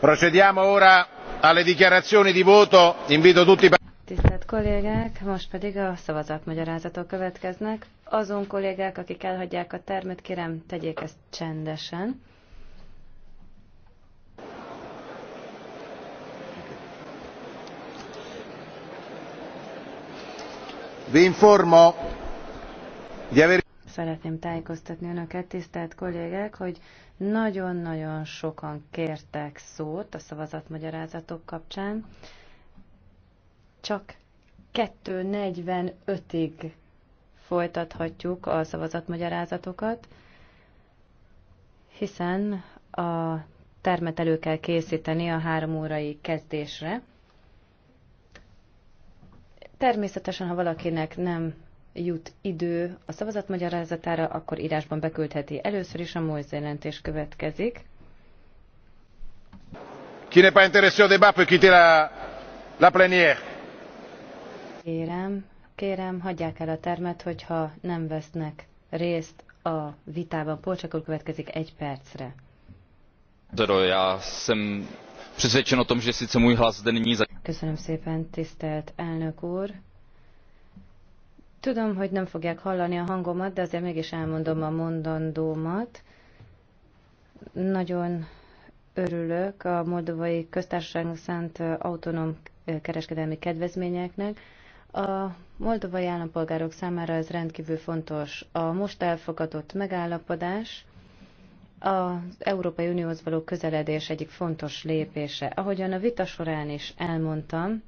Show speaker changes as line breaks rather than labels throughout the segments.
Procediamo ora alle dichiarazioni di voto. Invito tutti i.
Tisztelt kollégák, most pedig a szavazatmagyarázatok következnek. Azon kollégák, akik elhagyják a termet, kérem, tegyék ezt csendesen.
Vi informo di aver
Szeretném tájékoztatni önöket, tisztelt kollégek, hogy nagyon-nagyon sokan kértek szót a szavazatmagyarázatok kapcsán. Csak 2.45-ig folytathatjuk a szavazatmagyarázatokat, hiszen a termet elő kell készíteni a három órai kezdésre. Természetesen, ha valakinek nem jut idő a szavazat magyarázatára, akkor írásban beküldheti. Először is a Moise jelentés következik.
Qui n'est pas intéressé au débat peut quitter la, la plénière.
Kérem, kérem, hagyják el a termet, hogyha nem vesznek részt a vitában. úr következik egy percre.
Já
jsem přesvědčen o tom, že sice můj hlas zde není...
Köszönöm szépen, tisztelt elnök úr. Tudom, hogy nem fogják hallani a hangomat, de azért mégis elmondom a mondandómat. Nagyon örülök a Moldovai Köztársaságnak szánt autonóm kereskedelmi kedvezményeknek. A moldovai állampolgárok számára ez rendkívül fontos. A most elfogadott megállapodás az Európai Unióhoz való közeledés egyik fontos lépése. Ahogyan a vita során is elmondtam,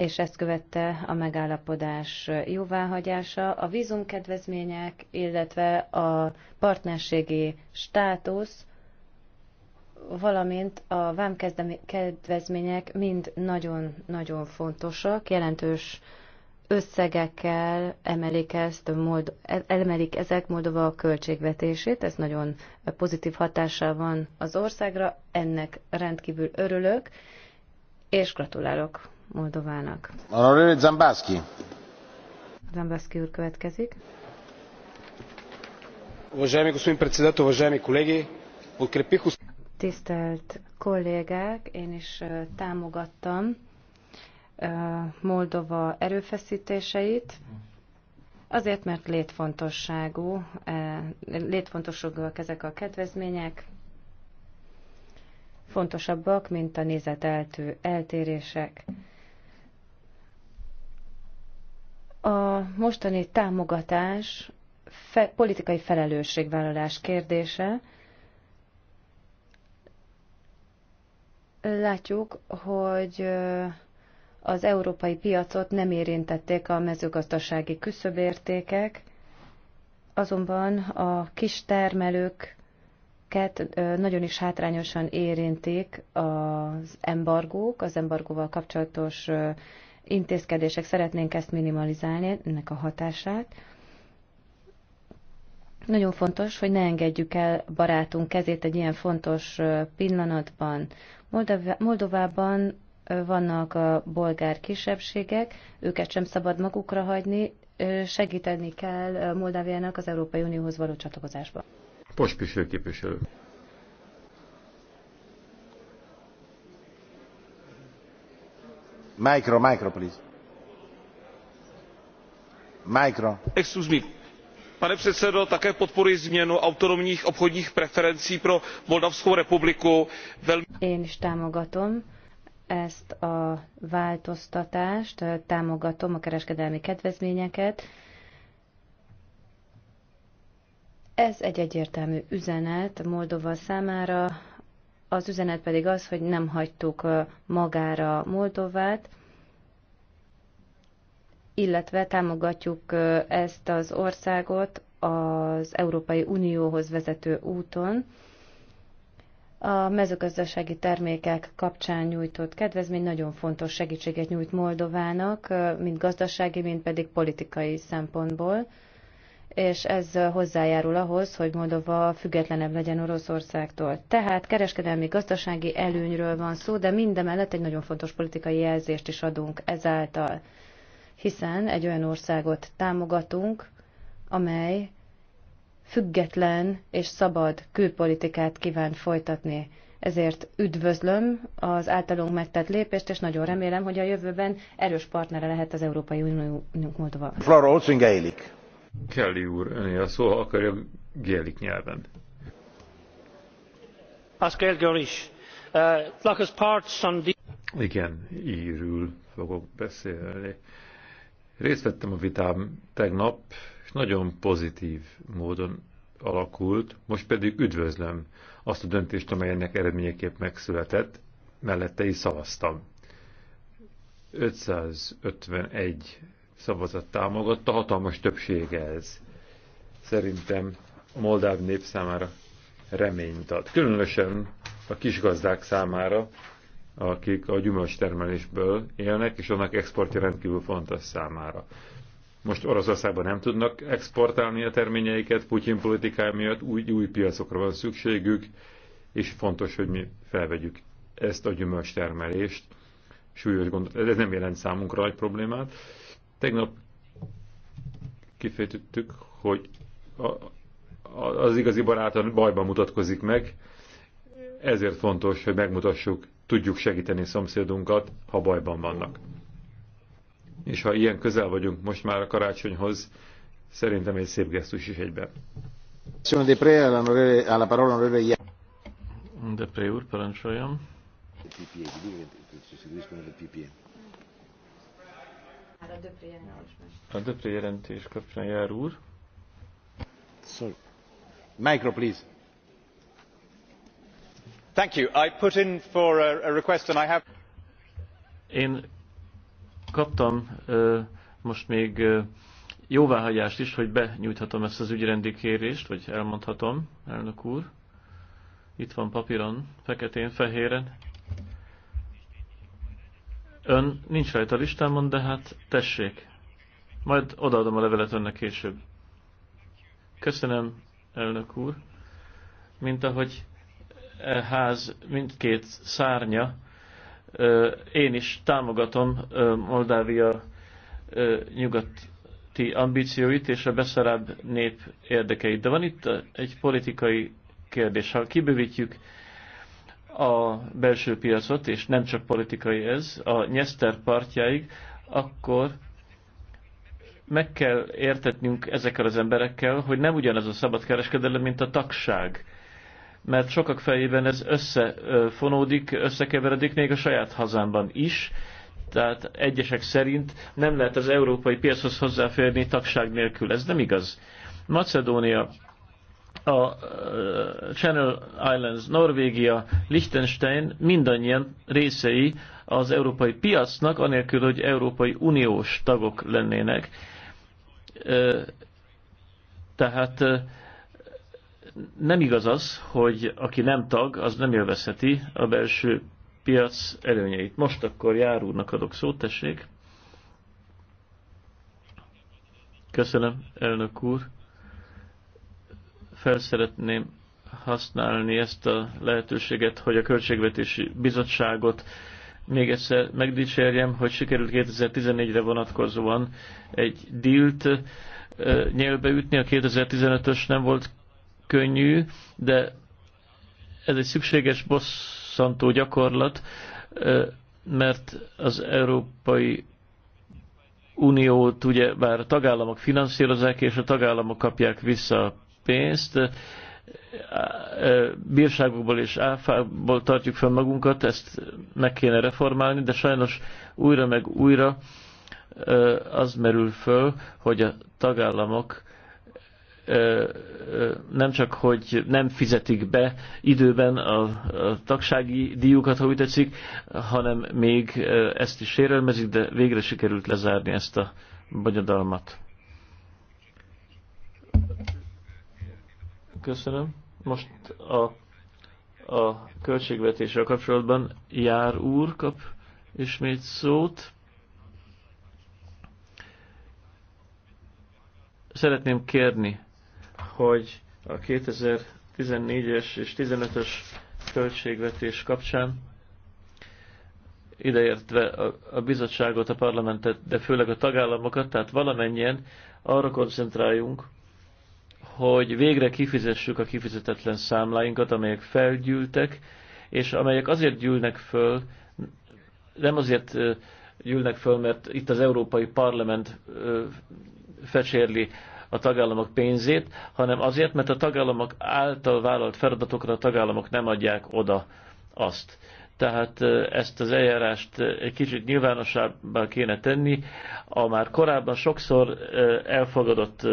és ezt követte a megállapodás jóváhagyása, a vízumkedvezmények, illetve a partnerségi státusz, valamint a vámkedvezmények mind nagyon-nagyon fontosak, jelentős összegekkel emelik, ezt, Mold, emelik ezek Moldova a költségvetését, ez nagyon pozitív hatással van az országra, ennek rendkívül örülök, és gratulálok Moldovának.
Honorary Zambaski.
Zambaski úr következik.
Уважаеми господин председател, уважаеми колеги, подкрепих...
Tisztelt kollégák, én is támogattam Moldova erőfeszítéseit, azért, mert létfontosságú, létfontosságúak ezek a kedvezmények, fontosabbak, mint a nézeteltő eltérések. A mostani támogatás fe, politikai felelősségvállalás kérdése. Látjuk, hogy az európai piacot nem érintették a mezőgazdasági küszöbértékek, azonban a kis termelőket nagyon is hátrányosan érintik az embargók, az embargóval kapcsolatos intézkedések szeretnénk ezt minimalizálni, ennek a hatását. Nagyon fontos, hogy ne engedjük el barátunk kezét egy ilyen fontos pillanatban. Moldovában vannak a bolgár kisebbségek, őket sem szabad magukra hagyni, segíteni kell Moldáviának az Európai Unióhoz való csatlakozásba.
Pospisőképviselő. Pane předsedo, také podporuji změnu autonomních obchodních preferencí pro Moldavskou republiku. Én is
támogatom ezt a változtatást, támogatom a kereskedelmi kedvezményeket. Ez egy egyértelmű üzenet Moldova számára, az üzenet pedig az, hogy nem hagytuk magára Moldovát, illetve támogatjuk ezt az országot az Európai Unióhoz vezető úton. A mezőgazdasági termékek kapcsán nyújtott kedvezmény nagyon fontos segítséget nyújt Moldovának, mind gazdasági, mind pedig politikai szempontból, és ez hozzájárul ahhoz, hogy Moldova függetlenebb legyen Oroszországtól. Tehát kereskedelmi, gazdasági előnyről van szó, de mindemellett egy nagyon fontos politikai jelzést is adunk ezáltal hiszen egy olyan országot támogatunk, amely független és szabad külpolitikát kíván folytatni. Ezért üdvözlöm az általunk megtett lépést, és nagyon remélem, hogy a jövőben erős partnere lehet az Európai Uniónk Moldova.
Flora Olszingeilik. Kelly úr, öné a szó, akarja gélik nyelven.
Pascal Göris. Uh,
Igen, írül fogok beszélni. Részt vettem a vitám tegnap, és nagyon pozitív módon alakult, most pedig üdvözlöm azt a döntést, amely ennek eredményeképp megszületett, mellette is szavaztam. 551 szavazat támogatta, hatalmas többsége ez. Szerintem a moldáv nép számára reményt ad. Különösen a kisgazdák számára, akik a gyümölcs termelésből élnek, és annak exportja rendkívül fontos számára. Most Oroszországban nem tudnak exportálni a terményeiket, Putyin politikája miatt új, új piacokra van szükségük, és fontos, hogy mi felvegyük ezt a gyümölcs termelést. Súlyos gond, ez nem jelent számunkra nagy problémát. Tegnap kifejtettük, hogy a, az igazi barát bajban mutatkozik meg, ezért fontos, hogy megmutassuk tudjuk segíteni szomszédunkat, ha bajban vannak. És ha ilyen közel vagyunk most már a karácsonyhoz, szerintem egy szép gesztus is egyben.
Pré úr, parancsoljam. A Depré jelentés kapcsán jár úr. Sorry. Micro, please.
Én kaptam most még jóváhagyást is, hogy benyújthatom ezt az ügyrendi kérést, vagy elmondhatom, elnök úr. Itt van papíron, feketén, fehéren. Ön nincs rajta a listámon, de hát tessék. Majd odaadom a levelet önnek később. Köszönöm, elnök úr. Mint ahogy E, ház mindkét szárnya, e, én is támogatom e, Moldávia nyugati ambícióit és a beszerább nép érdekeit. De van itt egy politikai kérdés. Ha kibővítjük a belső piacot, és nem csak politikai ez, a Nyeszter partjáig, akkor meg kell értetnünk ezekkel az emberekkel, hogy nem ugyanaz a szabadkereskedelem, mint a tagság mert sokak fejében ez összefonódik, összekeveredik még a saját hazámban is. Tehát egyesek szerint nem lehet az európai piachoz hozzáférni tagság nélkül. Ez nem igaz. Macedónia, a Channel Islands, Norvégia, Liechtenstein mindannyian részei az európai piacnak, anélkül, hogy európai uniós tagok lennének. Tehát nem igaz az, hogy aki nem tag, az nem élvezheti a belső piac előnyeit. Most akkor Jár úrnak adok szót, tessék. Köszönöm, elnök úr. Felszeretném használni ezt a lehetőséget, hogy a Költségvetési Bizottságot még egyszer megdicsérjem, hogy sikerült 2014-re vonatkozóan egy dílt eh, nyelbe ütni. A 2015-ös nem volt könnyű, de ez egy szükséges bosszantó gyakorlat, mert az Európai Uniót ugye bár a tagállamok finanszírozák és a tagállamok kapják vissza a pénzt, bírságokból és áfából tartjuk fel magunkat, ezt meg kéne reformálni, de sajnos újra meg újra az merül föl, hogy a tagállamok nem csak, hogy nem fizetik be időben a, a tagsági díjukat, ha úgy tetszik, hanem még ezt is sérelmezik, de végre sikerült lezárni ezt a bonyodalmat. Köszönöm. Most a a költségvetéssel kapcsolatban Jár úr kap ismét szót. Szeretném kérni hogy a 2014-es és 15-ös költségvetés kapcsán ideértve a, a bizottságot, a parlamentet, de főleg a tagállamokat, tehát valamennyien arra koncentráljunk, hogy végre kifizessük a kifizetetlen számláinkat, amelyek felgyűltek, és amelyek azért gyűlnek föl, nem azért gyűlnek föl, mert itt az Európai Parlament fecsérli a tagállamok pénzét, hanem azért, mert a tagállamok által vállalt feladatokra a tagállamok nem adják oda azt. Tehát ezt az eljárást egy kicsit nyilvánosabbá kéne tenni. A már korábban sokszor elfogadott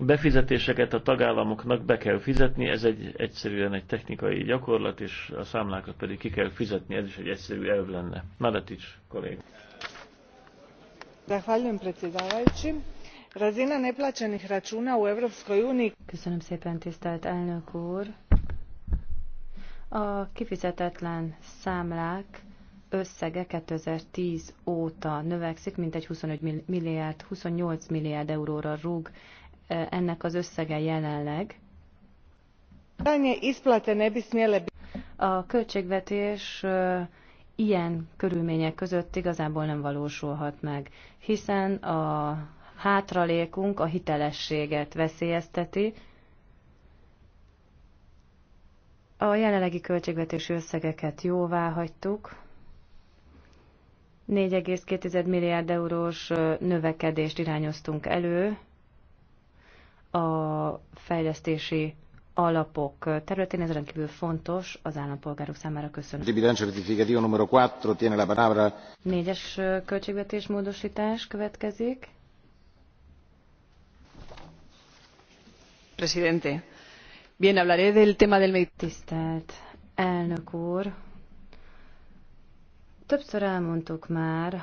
befizetéseket a tagállamoknak be kell fizetni, ez egy egyszerűen egy technikai gyakorlat, és a számlákat pedig ki kell fizetni, ez is egy egyszerű elv lenne. Maletics kollég.
Zahvaljujem predsjedavajući razina neplaćenih računa u Europskoj uniji. Köszönöm szépen, tisztelt
elnök úr! A kifizetetlen számlák összege 2010 óta növekszik, mintegy 25 milliárd, 28 milliárd euróra rúg e, ennek az összege jelenleg. A költségvetés e, ilyen körülmények között igazából nem valósulhat meg, hiszen a hátralékunk a hitelességet veszélyezteti. A jelenlegi költségvetési összegeket jóvá hagytuk. 4,2 milliárd eurós növekedést irányoztunk elő a fejlesztési alapok területén, ez rendkívül fontos az állampolgárok számára. Köszönöm.
numero tiene la palabra.
Négyes költségvetés módosítás következik. Tisztelt elnök úr! Többször elmondtuk már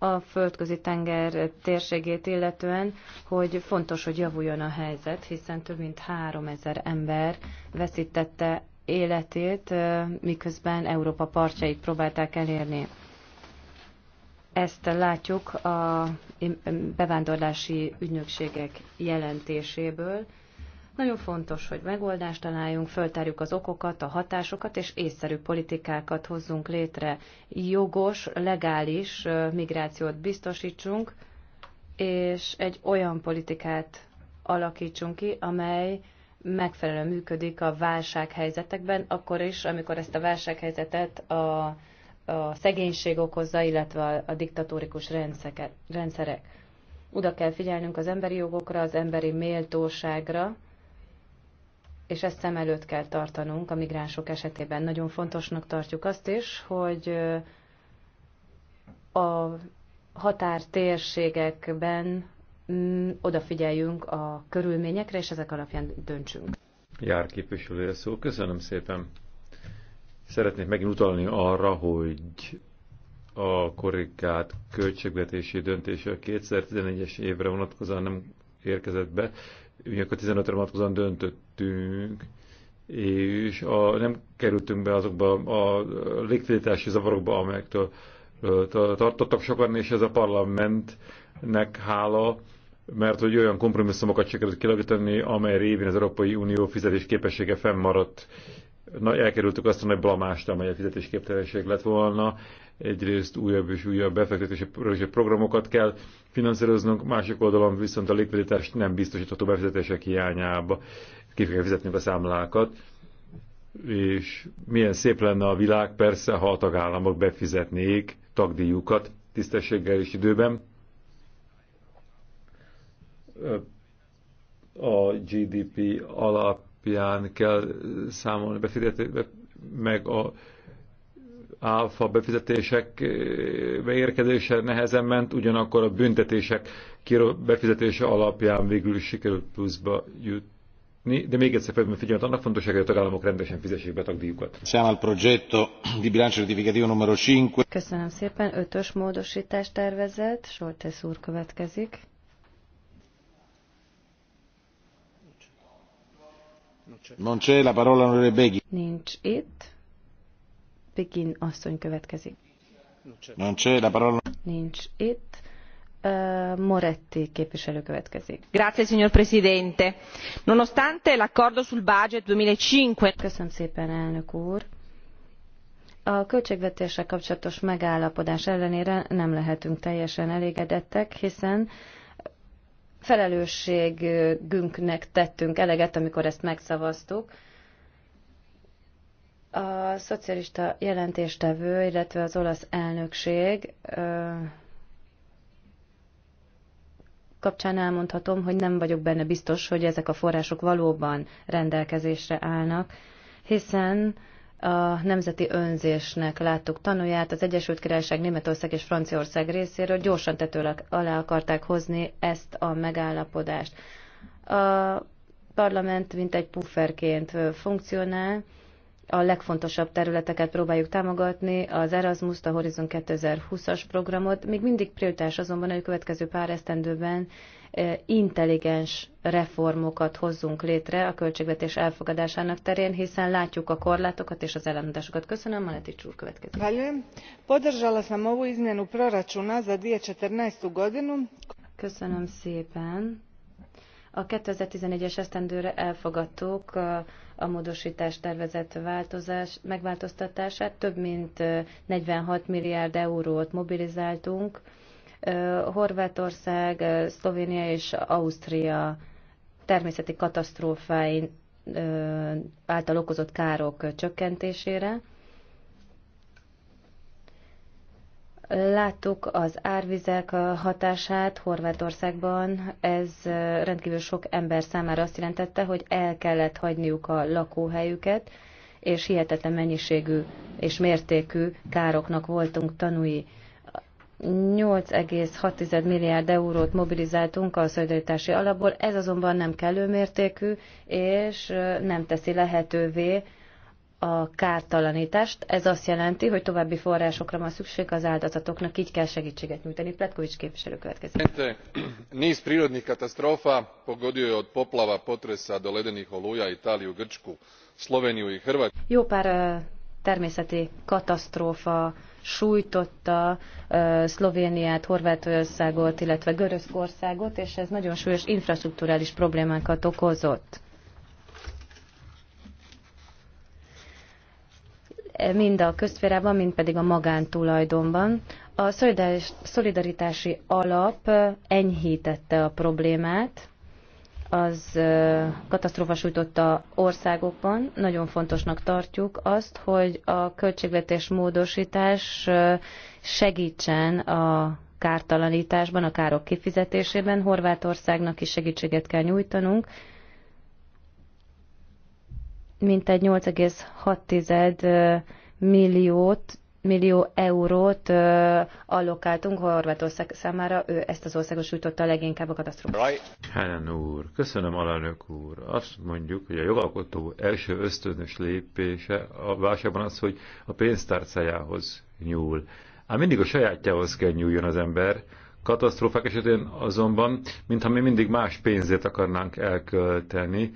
a, földközi tenger térségét illetően, hogy fontos, hogy javuljon a helyzet, hiszen több mint 3000 ember veszítette életét, eh, miközben Európa partjait próbálták elérni. Ezt látjuk a bevándorlási ügynökségek jelentéséből. Nagyon fontos, hogy megoldást találjunk, föltárjuk az okokat, a hatásokat, és észszerű politikákat hozzunk létre. Jogos, legális migrációt biztosítsunk, és egy olyan politikát alakítsunk ki, amely megfelelően működik a válsághelyzetekben, akkor is, amikor ezt a válsághelyzetet a a szegénység okozza, illetve a diktatórikus rendszerek. Oda kell figyelnünk az emberi jogokra, az emberi méltóságra, és ezt szem előtt kell tartanunk a migránsok esetében. Nagyon fontosnak tartjuk azt is, hogy a határtérségekben mm, odafigyeljünk a körülményekre, és ezek alapján döntsünk.
Jár képviselője szó. Köszönöm szépen. Szeretnék megint utalni arra, hogy a korrigált költségvetési döntése a 2011-es évre vonatkozóan nem érkezett be, a 15-re vonatkozóan döntöttünk, és a, nem kerültünk be azokba a likviditási zavarokba, amelyektől tartottak sokan, és ez a parlamentnek hála, mert hogy olyan kompromisszumokat sikerült kilagítani, amely révén az Európai Unió fizetés képessége fennmaradt na, elkerültük azt a nagy blamást, amely a fizetésképtelenség lett volna. Egyrészt újabb és újabb befektetési programokat kell finanszíroznunk, másik oldalon viszont a likviditást nem biztosítható befizetések hiányába. Ki kell fizetnünk a számlákat és milyen szép lenne a világ, persze, ha a tagállamok befizetnék tagdíjukat tisztességgel és időben. A GDP alap alapján kell számolni befizetésbe, meg a áfa befizetések eh, beérkezése nehezen ment, ugyanakkor a büntetések befizetése alapján végül sikerült pluszba jutni. De még
egyszer mert figyelmet, annak fontosság, hogy a tagállamok rendesen fizessék be tagdíjukat. Köszönöm
szépen, ötös módosítás tervezett. Soltesz úr
következik.
Nincs itt. Pekin asszony következik. Nincs itt. Moretti képviselő következik. Grazie signor Presidente. Nonostante l'accordo sul budget 2005. Köszönöm szépen elnök úr. A költségvetéssel kapcsolatos megállapodás ellenére nem lehetünk teljesen elégedettek, hiszen felelősségünknek tettünk eleget, amikor ezt megszavaztuk. A szocialista jelentéstevő, illetve az olasz elnökség kapcsán elmondhatom, hogy nem vagyok benne biztos, hogy ezek a források valóban rendelkezésre állnak, hiszen a nemzeti önzésnek láttuk tanulját. Az Egyesült Királyság, Németország és Franciaország részéről gyorsan tető alá akarták hozni ezt a megállapodást. A parlament mint egy pufferként funkcionál, a legfontosabb területeket próbáljuk támogatni, az Erasmus, a Horizon 2020-as programot. Még mindig prioritás azonban, hogy a következő pár esztendőben intelligens reformokat hozzunk létre a költségvetés elfogadásának terén, hiszen látjuk a korlátokat és az ellentmondásokat. Köszönöm, Maleti úr következik.
Podržala sam ovu izmjenu proračuna za 2014. godinu.
Köszönöm szépen. A 2011-es esztendőre elfogadtuk a módosítás tervezett változás, megváltoztatását. Több mint 46 milliárd eurót mobilizáltunk Horvátország, Szlovénia és Ausztria természeti katasztrófáin által okozott károk csökkentésére. Láttuk az árvizek hatását Horvátországban, ez rendkívül sok ember számára azt jelentette, hogy el kellett hagyniuk a lakóhelyüket, és hihetetlen mennyiségű és mértékű károknak voltunk tanúi. 8,6 milliárd eurót mobilizáltunk a szolidaritási alapból, ez azonban nem kellő mértékű, és nem teszi lehetővé a kártalanítást. Ez azt jelenti, hogy további forrásokra van szükség az áldozatoknak, így kell segítséget nyújtani. Pletkovics képviselő következik.
Niz prirodnih katasztrófa, pogodio od poplava, potresa do ledenih oluja Grčku, Sloveniju i Hrvatsku.
Jó pár természeti katasztrófa sújtotta Szlovéniát, Horvátországot, illetve Görögországot, és ez nagyon súlyos infrastruktúrális problémákat okozott. mind a közférában, mind pedig a magántulajdonban. A szolidaritási alap enyhítette a problémát, az katasztrófa sújtotta országokban. Nagyon fontosnak tartjuk azt, hogy a költségvetés módosítás segítsen a kártalanításban, a károk kifizetésében. Horvátországnak is segítséget kell nyújtanunk. Mintegy 8,6 milliót millió eurót ö, allokáltunk Horvátország számára, ő ezt az országot sújtotta leginkább a
Right. Helen úr, köszönöm alelnök úr. Azt mondjuk, hogy a jogalkotó első ösztönös lépése a válságban az, hogy a pénztárcájához nyúl. Ám mindig a sajátjához kell nyúljon az ember, katasztrófák esetén azonban, mintha mi mindig más pénzét akarnánk elkölteni,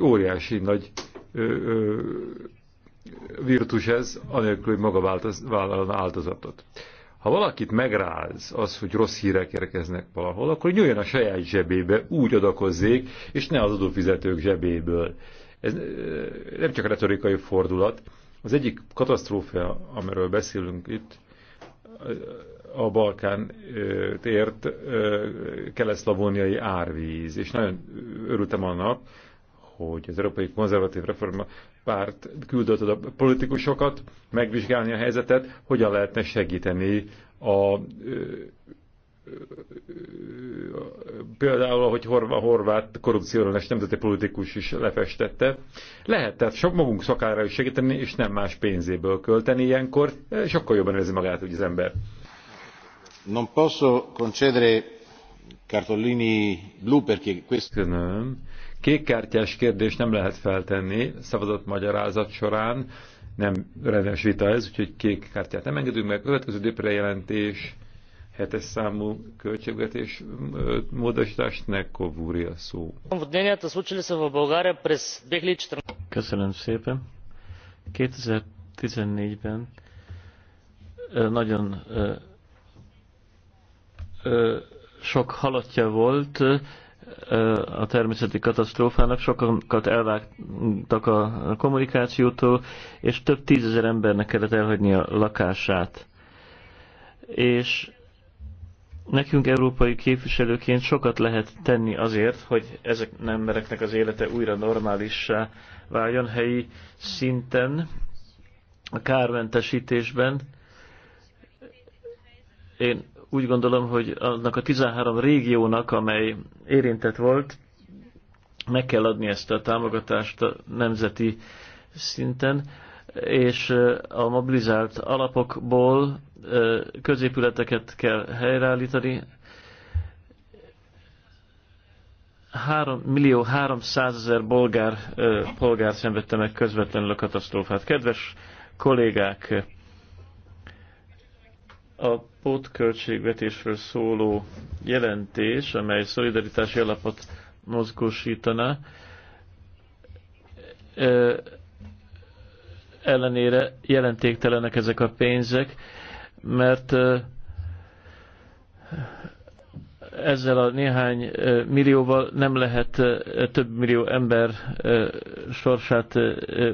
óriási nagy ö, ö, virtus ez, anélkül, hogy maga vállalna áldozatot. Ha valakit megráz az, hogy rossz hírek érkeznek valahol, akkor nyúljon a saját zsebébe, úgy adakozzék, és ne az adófizetők zsebéből. Ez nem csak retorikai fordulat. Az egyik katasztrófa, amiről beszélünk itt, a Balkán tért keleszlavóniai árvíz, és nagyon örültem annak, hogy az Európai Konzervatív Reforma párt küldött a politikusokat megvizsgálni a helyzetet, hogyan lehetne segíteni a például, hogy horva, horvát és nemzeti politikus is lefestette. Lehet, tehát sok magunk szakára is segíteni, és nem más pénzéből költeni ilyenkor.
Sokkal jobban érzi magát hogy az ember. Non posso concedere cartolini blu perché questo... Köszönöm Kékkártyás kérdést nem lehet
feltenni szavazat magyarázat során, nem rendes vita ez, úgyhogy kék kártyát nem engedünk meg. Következő dépre jelentés, hetes számú költségvetés módosítást, ne kovúri a szó.
Köszönöm szépen. 2014-ben nagyon sok halottja volt, a természeti katasztrófának, sokakat elvágtak a kommunikációtól, és több tízezer embernek kellett elhagyni a lakását. És nekünk európai képviselőként sokat lehet tenni azért, hogy ezek embereknek az élete újra normálissá váljon helyi szinten, a kármentesítésben. Én úgy gondolom, hogy annak a 13 régiónak, amely érintett volt, meg kell adni ezt a támogatást a nemzeti szinten, és a mobilizált alapokból középületeket kell helyreállítani. 3 millió 300 ezer bolgár polgár szenvedte meg közvetlenül a katasztrófát. Kedves kollégák, a pótköltségvetésről szóló jelentés, amely szolidaritási alapot mozgósítana, ellenére jelentéktelenek ezek a pénzek, mert ezzel a néhány millióval nem lehet több millió ember sorsát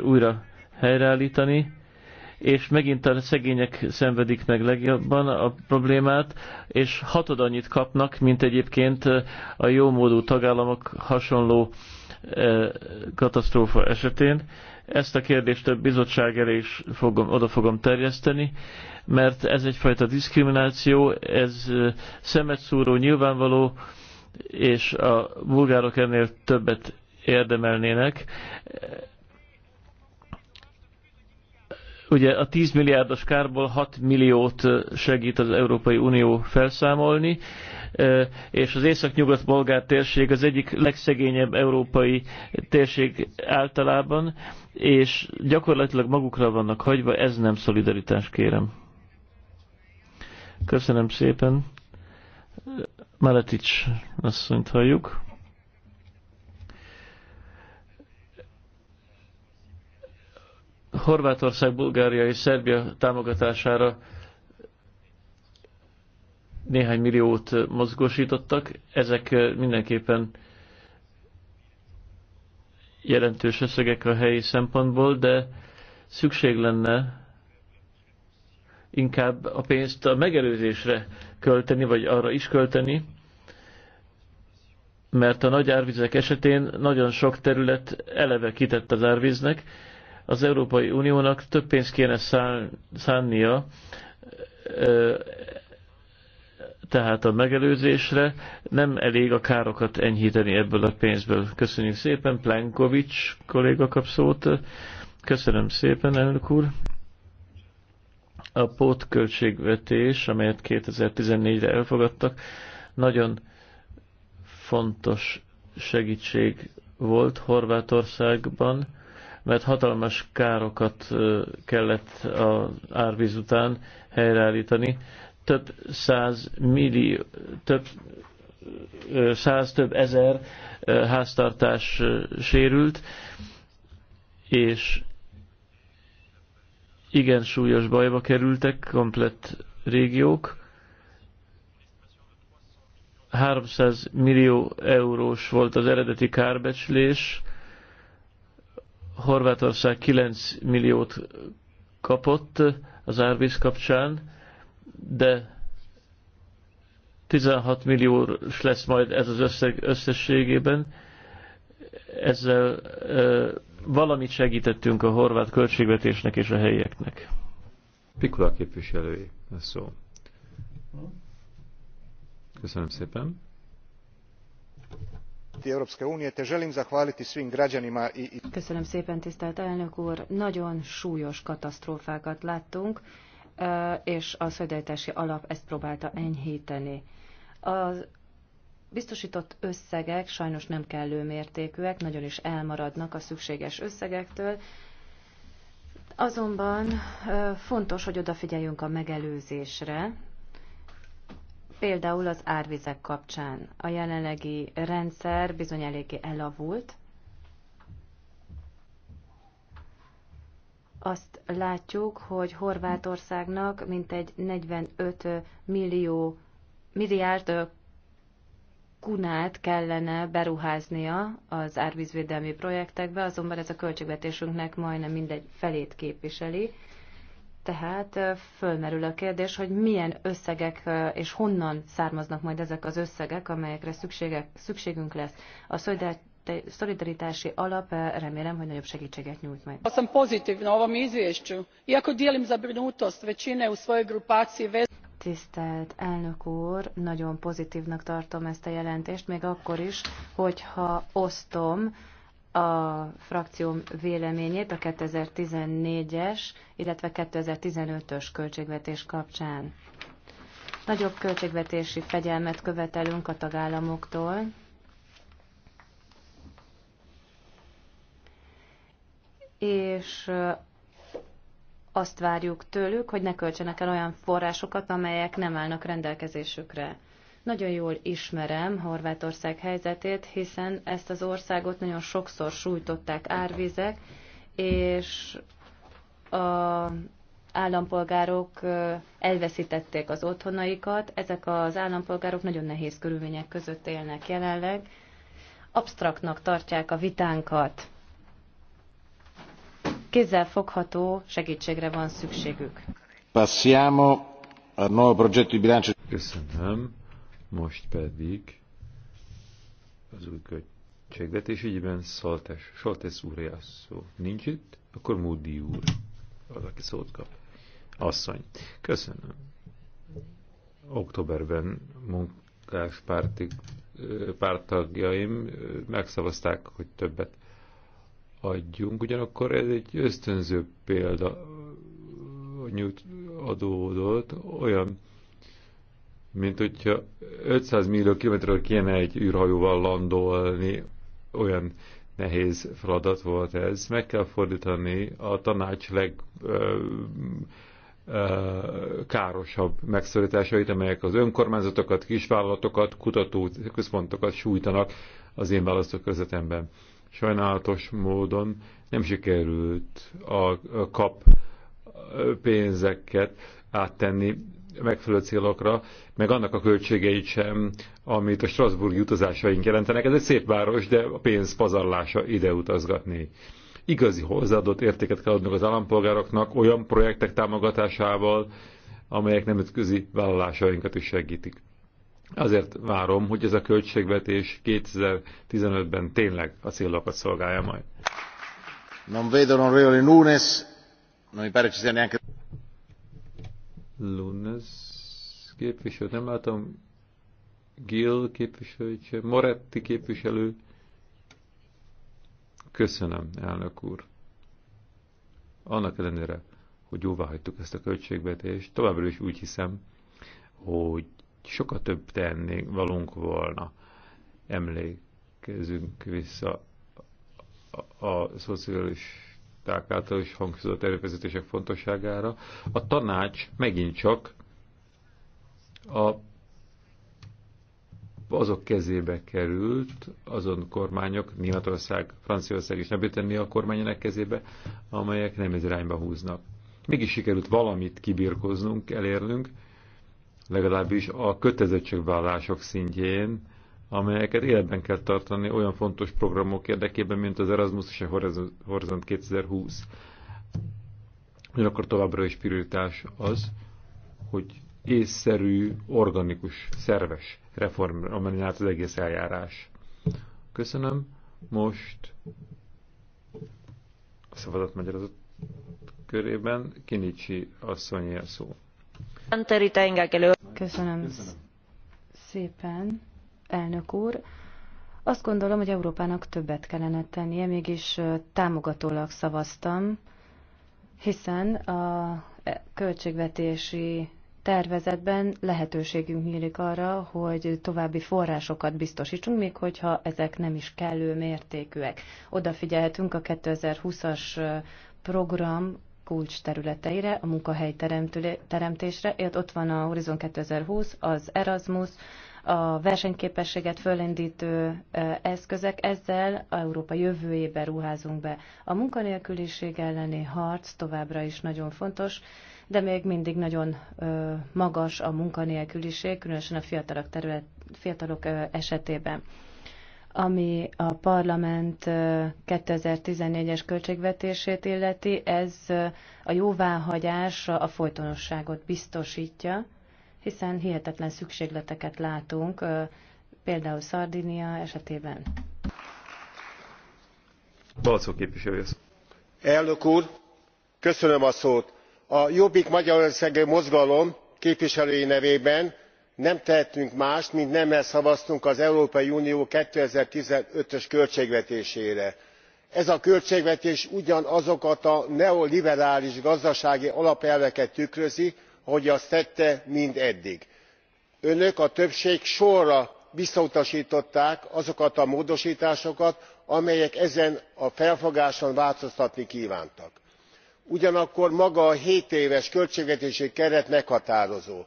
újra helyreállítani és megint a szegények szenvedik meg legjobban a problémát, és hatod annyit kapnak, mint egyébként a jómódú tagállamok hasonló eh, katasztrófa esetén. Ezt a kérdést több bizottság elé is fogom, oda fogom terjeszteni, mert ez egyfajta diszkrimináció, ez eh, szemet szúró, nyilvánvaló, és a bulgárok ennél többet érdemelnének. Ugye a 10 milliárdos kárból 6 milliót segít az Európai Unió felszámolni, és az észak-nyugat-bolgár térség az egyik legszegényebb európai térség általában, és gyakorlatilag magukra vannak hagyva, ez nem szolidaritás, kérem. Köszönöm szépen. Maletics asszonyt halljuk. Horvátország, Bulgária és Szerbia támogatására néhány milliót mozgósítottak. Ezek mindenképpen jelentős összegek a helyi szempontból, de szükség lenne inkább a pénzt a megelőzésre költeni, vagy arra is költeni, mert a nagy árvizek esetén nagyon sok terület eleve kitett az árvíznek, az Európai Uniónak több pénzt kéne szánnia tehát a megelőzésre nem elég a károkat enyhíteni ebből a pénzből. Köszönjük szépen, Plenkovics kolléga kap szót. Köszönöm szépen, elnök úr. A pótköltségvetés, amelyet 2014-re elfogadtak, nagyon fontos segítség volt Horvátországban, mert hatalmas károkat kellett az árvíz után helyreállítani. Több száz millió, több száz, több ezer háztartás sérült, és igen súlyos bajba kerültek komplett régiók. 300 millió eurós volt az eredeti kárbecslés, Horvátország 9 milliót kapott az árvíz kapcsán, de 16 millió lesz majd ez az összeg összességében. Ezzel e, valamit segítettünk a horvát költségvetésnek és a helyieknek.
Pikula képviselői, ez szó. Köszönöm szépen.
Európai Unió, te želim zahvaliti svim građanima i...
Köszönöm szépen, tisztelt elnök úr. Nagyon súlyos katasztrófákat láttunk, és a szolidaritási alap ezt próbálta enyhíteni. A biztosított összegek sajnos nem kellő mértékűek, nagyon is elmaradnak a szükséges összegektől, Azonban fontos, hogy odafigyeljünk a megelőzésre, például az árvizek kapcsán. A jelenlegi rendszer bizony eléggé elavult. Azt látjuk, hogy Horvátországnak mintegy 45 millió milliárd kunát kellene beruháznia az árvízvédelmi projektekbe, azonban ez a költségvetésünknek majdnem mindegy felét képviseli. Tehát fölmerül a kérdés, hogy milyen összegek és honnan származnak majd ezek az összegek, amelyekre szükségek, szükségünk lesz. A szolidaritási alap remélem, hogy nagyobb segítséget nyújt majd.
Ja sam pozitivna ovom izvješću, iako dijelim zabrinutost većine u svojoj vez.
Tisztelt elnök úr, nagyon pozitívnak tartom ezt a jelentést, még akkor is, hogyha osztom a frakcióm véleményét a 2014-es, illetve 2015-ös költségvetés kapcsán. Nagyobb költségvetési fegyelmet követelünk a tagállamoktól, és azt várjuk tőlük, hogy ne költsenek el olyan forrásokat, amelyek nem állnak rendelkezésükre. Nagyon jól ismerem Horvátország helyzetét, hiszen ezt az országot nagyon sokszor sújtották árvizek, és a állampolgárok elveszítették az otthonaikat. Ezek az állampolgárok nagyon nehéz körülmények között élnek jelenleg. Absztraktnak tartják a vitánkat. Kézzel fogható segítségre van szükségük.
Passiamo al nuovo progetto di bilancio. Köszönöm. Most pedig
az új költségvetés ügyben Szaltes, szaltes úr szó. Nincs itt, akkor Múdi úr az, aki szót kap. Asszony. Köszönöm. Októberben munkáspárti párttagjaim megszavazták, hogy többet adjunk. Ugyanakkor ez egy ösztönző példa nyújt adódott olyan mint hogyha 500 millió kilométerről kéne egy űrhajóval landolni, olyan nehéz feladat volt ez. Meg kell fordítani a tanács leg károsabb megszorításait, amelyek az önkormányzatokat, kisvállalatokat, kutatóközpontokat sújtanak az én választókörzetemben. Sajnálatos módon nem sikerült a kap pénzeket áttenni megfelelő célokra, meg annak a költségeit sem, amit a Strasburgi utazásaink jelentenek. Ez egy szép város, de a pénz pazarlása ide utazgatni. Igazi hozzáadott értéket kell adnunk az állampolgároknak olyan projektek támogatásával, amelyek nemzetközi vállalásainkat is segítik. Azért várom, hogy ez a költségvetés 2015-ben tényleg a célokat szolgálja majd. Non vedo Nunes,
non mi pare ci sia neanche
Lunes képviselő, nem látom, Gil képviselő, Moretti képviselő. Köszönöm, elnök úr. Annak ellenére, hogy jóvá hagytuk ezt a költségvetést, továbbra is úgy hiszem, hogy sokat több tennénk valunk volna. emlékezünk vissza a, a, a szociális hallották által is hangzott erőfeszítések fontosságára. A tanács megint csak a, azok kezébe került, azon kormányok, Németország, Franciaország és Nebütenni a kormányának kezébe, amelyek nem ez irányba húznak. Mégis sikerült valamit kibirkoznunk, elérnünk, legalábbis a kötelezettségvállások szintjén, amelyeket életben kell tartani olyan fontos programok érdekében, mint az Erasmus és a Horizont 2020. Ugyanakkor továbbra is prioritás az, hogy észszerű, organikus, szerves reformra amennyi át az egész eljárás. Köszönöm. Most a szavazat magyarázat körében Kinicsi asszonyi a szó.
Köszönöm, Köszönöm. szépen elnök úr. Azt gondolom, hogy Európának többet kellene tennie, mégis támogatólag szavaztam, hiszen a e, költségvetési tervezetben lehetőségünk nyílik arra, hogy további forrásokat biztosítsunk, még hogyha ezek nem is kellő mértékűek. Odafigyelhetünk a 2020-as program kulcs területeire, a munkahely teremtésre, ott van a Horizon 2020, az Erasmus, a versenyképességet fölendítő eszközek, ezzel Európa jövőjébe ruházunk be. A munkanélküliség elleni harc továbbra is nagyon fontos, de még mindig nagyon magas a munkanélküliség, különösen a fiatalok, terület, fiatalok esetében ami a parlament 2014-es költségvetését illeti, ez a jóváhagyás a folytonosságot biztosítja, hiszen hihetetlen szükségleteket látunk, például Szardinia esetében.
Balcó képviselő.
Elnök úr, köszönöm a szót. A Jobbik Magyarországi Mozgalom képviselői nevében nem tehetünk mást mint nemmel szavaztunk az európai unió 2015 ös költségvetésére. ez a költségvetés ugyanazokat a neoliberális gazdasági alapelveket tükrözi ahogy azt tette mind eddig. önök a többség sorra visszautastották azokat a módostásokat amelyek ezen a felfogáson változtatni kvántak. ugyanakkor maga a hétéves költségvetési keret meghatározó.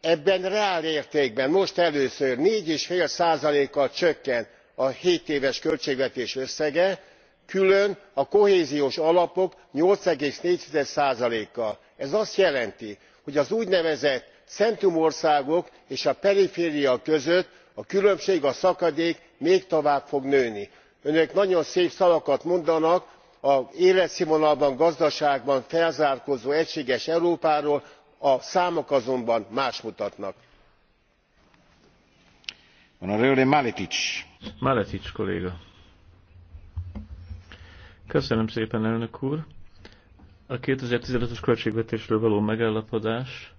ebben reálértékben most először four five kal csökken a hétéves költségvetés összege külön a kohéziós alapok eight four kal. ez azt jelenti hogy az úgynevezett centrumországok és a periféria között a különbség a szakadék még tovább fog nőni. önök nagyon szép szavakat mondanak az életsznvonalban gazdaságban felzárkózó egységes európáról a számok azonban mást mutatnak.
kolléga! köszönöm
szépen elnök úr! a 2015-ös költségvetésről való megállapodás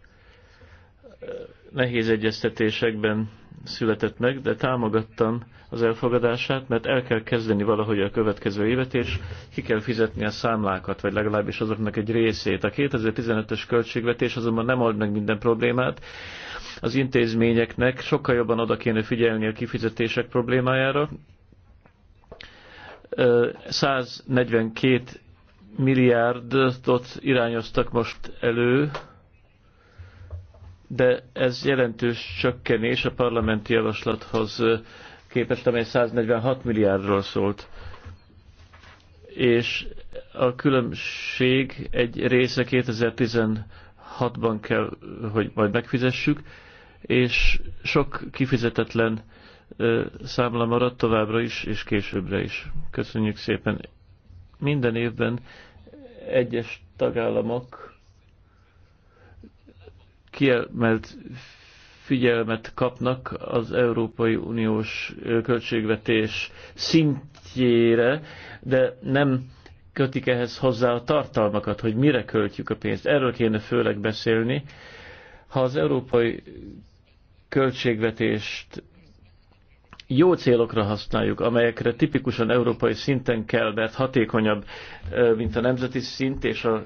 eh, nehéz egyeztetésekben született meg, de támogattam az elfogadását, mert el kell kezdeni valahogy a következő évet, és ki kell fizetni a számlákat, vagy legalábbis azoknak egy részét. A 2015-ös költségvetés azonban nem old meg minden problémát. Az intézményeknek sokkal jobban oda kéne figyelni a kifizetések problémájára. 142 eh, milliárdot irányoztak most elő, de ez jelentős csökkenés a parlamenti javaslathoz képest, amely 146 milliárdról szólt. És a különbség egy része 2016-ban kell, hogy majd megfizessük, és sok kifizetetlen számla maradt továbbra is, és későbbre is. Köszönjük szépen. Minden évben egyes tagállamok kiemelt figyelmet kapnak az Európai Uniós költségvetés szintjére, de nem kötik ehhez hozzá a tartalmakat, hogy mire költjük a pénzt. Erről kéne főleg beszélni. Ha az európai költségvetést jó célokra használjuk, amelyekre tipikusan európai szinten kell, mert hatékonyabb, mint a nemzeti szint, és a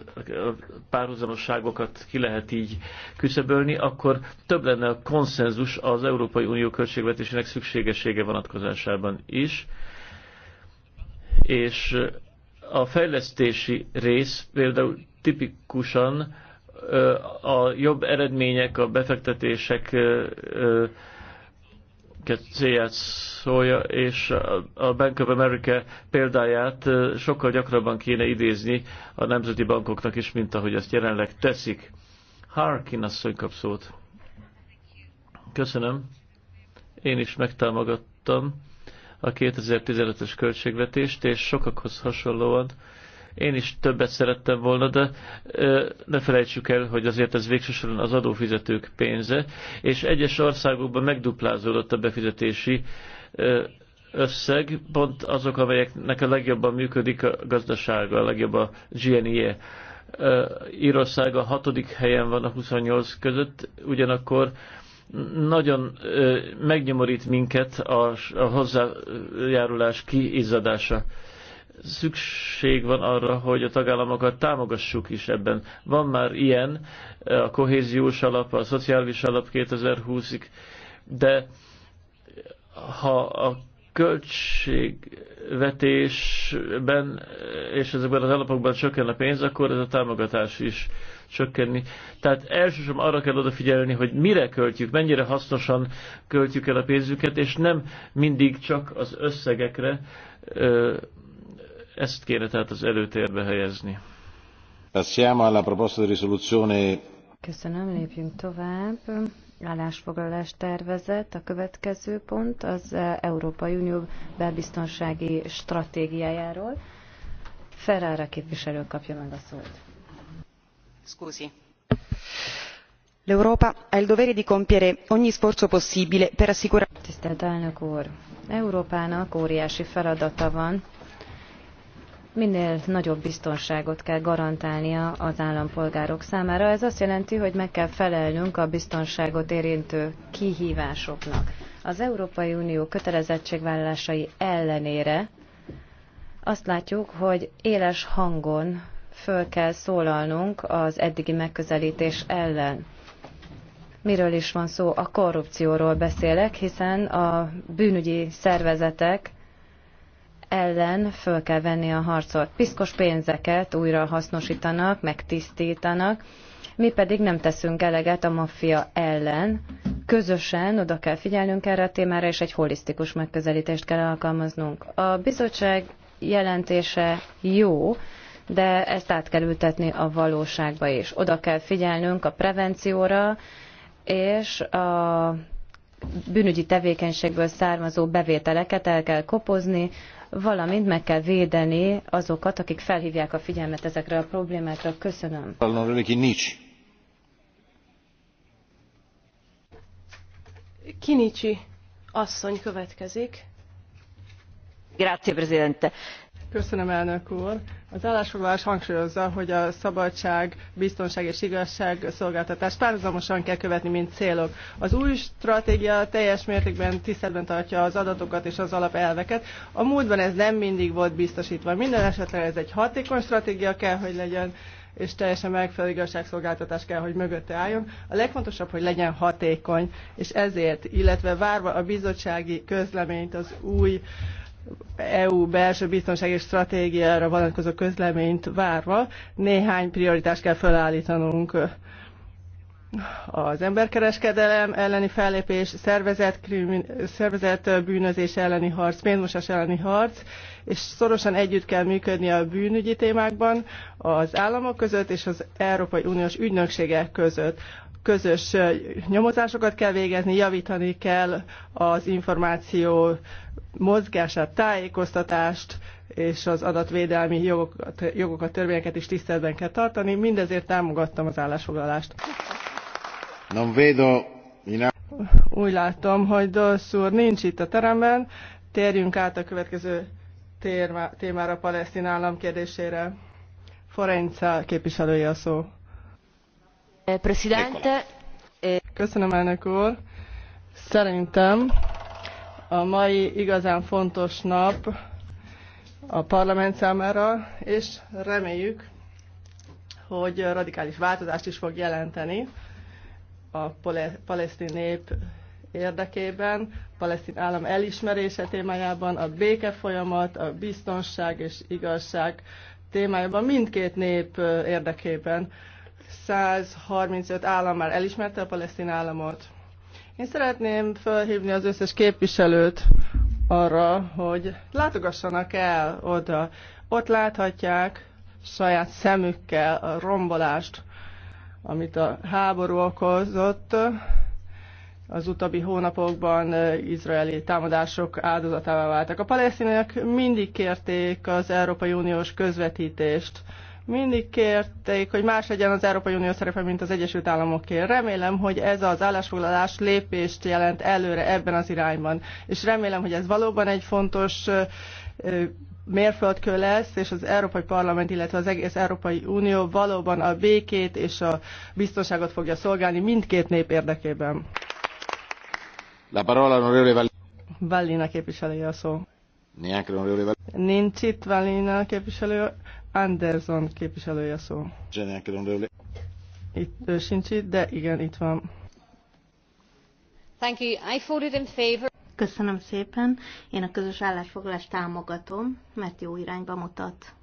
párhuzamosságokat ki lehet így küszöbölni, akkor több lenne a konszenzus az Európai Unió költségvetésének szükségessége vonatkozásában is. És a fejlesztési rész például tipikusan a jobb eredmények, a befektetések célját szólja, és a Bank of America példáját sokkal gyakrabban kéne idézni a nemzeti bankoknak is, mint ahogy ezt jelenleg teszik. Harkin asszony kap szót. Köszönöm. Én is megtámogattam a 2015-ös költségvetést, és sokakhoz hasonlóan én is többet szerettem volna, de ne felejtsük el, hogy azért ez végsősorban az adófizetők pénze, és egyes országokban megduplázódott a befizetési összeg, pont azok, amelyeknek a legjobban működik a gazdasága, a legjobb a GNIE. Írország a hatodik helyen van a 28 között, ugyanakkor nagyon megnyomorít minket a, a hozzájárulás kiizzadása szükség van arra, hogy a tagállamokat támogassuk is ebben. Van már ilyen, a kohéziós alap, a szociális alap 2020-ig, de ha a költségvetésben és ezekben az alapokban csökken a pénz, akkor ez a támogatás is csökkenni. Tehát elsősorban arra kell odafigyelni, hogy mire költjük, mennyire hasznosan költjük el a pénzüket, és nem mindig csak az összegekre ezt kéne tehát az előtérbe helyezni.
Passiamo alla proposta di risoluzione.
Köszönöm, lépjünk tovább. Állásfoglalás tervezett. A következő pont az eh, Európai Unió belbiztonsági stratégiájáról. Ferrara képviselő kapja meg a szót. Scusi l'europa ha il dovere di compiere ogni sforzo possibile per assicurare. tisztelt elnök úr európának óriási feladata van minél nagyobb biztonságot kell garantálnia az állampolgárok számára. Ez azt jelenti, hogy meg kell felelnünk a biztonságot érintő kihívásoknak. Az Európai Unió kötelezettségvállalásai ellenére azt látjuk, hogy éles hangon föl kell szólalnunk az eddigi megközelítés ellen. Miről is van szó? A korrupcióról beszélek, hiszen a bűnügyi szervezetek ellen föl kell venni a harcot. Piszkos pénzeket újra hasznosítanak, megtisztítanak, mi pedig nem teszünk eleget a maffia ellen. Közösen oda kell figyelnünk erre a témára, és egy holisztikus megközelítést kell alkalmaznunk. A bizottság jelentése jó, de ezt át kell ültetni a valóságba is. Oda kell figyelnünk a prevencióra, és a bűnügyi tevékenységből származó bevételeket el kell kopozni, valamint meg kell védeni azokat, akik felhívják a figyelmet ezekre a problémákra. Köszönöm.
Kinicsi asszony következik.
Grazie, Presidente Köszönöm, elnök úr. Az állásfoglalás hangsúlyozza, hogy a szabadság, biztonság és igazság szolgáltatás párhuzamosan kell követni, mint célok. Az új stratégia teljes mértékben tiszteletben tartja az adatokat és az alapelveket. A múltban ez nem mindig volt biztosítva. Minden esetre ez egy hatékony stratégia kell, hogy legyen és teljesen megfelelő igazságszolgáltatás kell, hogy mögötte álljon. A legfontosabb, hogy legyen hatékony, és ezért, illetve várva a bizottsági közleményt az új uh, EU belső biztonsági stratégiára vonatkozó közleményt várva néhány prioritást kell felállítanunk. Az emberkereskedelem elleni fellépés, szervezett szervezett bűnözés elleni harc, pénzmosás elleni harc, és szorosan együtt kell működni a bűnügyi témákban az államok között és az Európai Uniós ügynökségek között közös nyomozásokat kell végezni, javítani kell az információ mozgását, tájékoztatást, és az adatvédelmi jogokat, jogokat törvényeket is tiszteletben kell tartani. Mindezért támogattam az állásfoglalást.
Non vedo
Úgy látom, hogy Dolsz úr nincs itt a teremben. Térjünk át a következő témára, a palesztin állam kérdésére. Forenca képviselője a szó. Eh, eh, Köszönöm, elnök úr. Szerintem a mai igazán fontos nap a parlament számára, és reméljük, hogy radikális változást is fog jelenteni a palesztin nép érdekében, palesztin állam elismerése témájában, a béke folyamat, a biztonság és igazság témájában, mindkét nép eh, érdekében. 135 állam már elismerte a palesztin államot. Én szeretném felhívni az összes képviselőt arra, hogy látogassanak el oda. Ott láthatják saját szemükkel a rombolást, amit a háború okozott az utóbbi hónapokban izraeli támadások áldozatává váltak. A palesztinek mindig kérték az Európai Uniós közvetítést, mindig kérték, hogy más legyen az Európai Unió szerepe, mint az Egyesült Államoké. Remélem, hogy ez az állásfoglalás lépést jelent előre ebben az irányban. És remélem, hogy ez valóban egy fontos mérföldkő lesz, és az Európai Parlament, illetve az egész Európai Unió valóban a békét és a biztonságot fogja szolgálni mindkét nép érdekében.
La parola onorevole
Vallina képviselője a szó. Nincs itt Vallina képviselő. Anderson képviselője szó. Itt ő sincs itt, de igen, itt van.
Thank you. I voted in favor. Köszönöm szépen. Én a közös állásfoglalást támogatom, mert jó irányba mutat.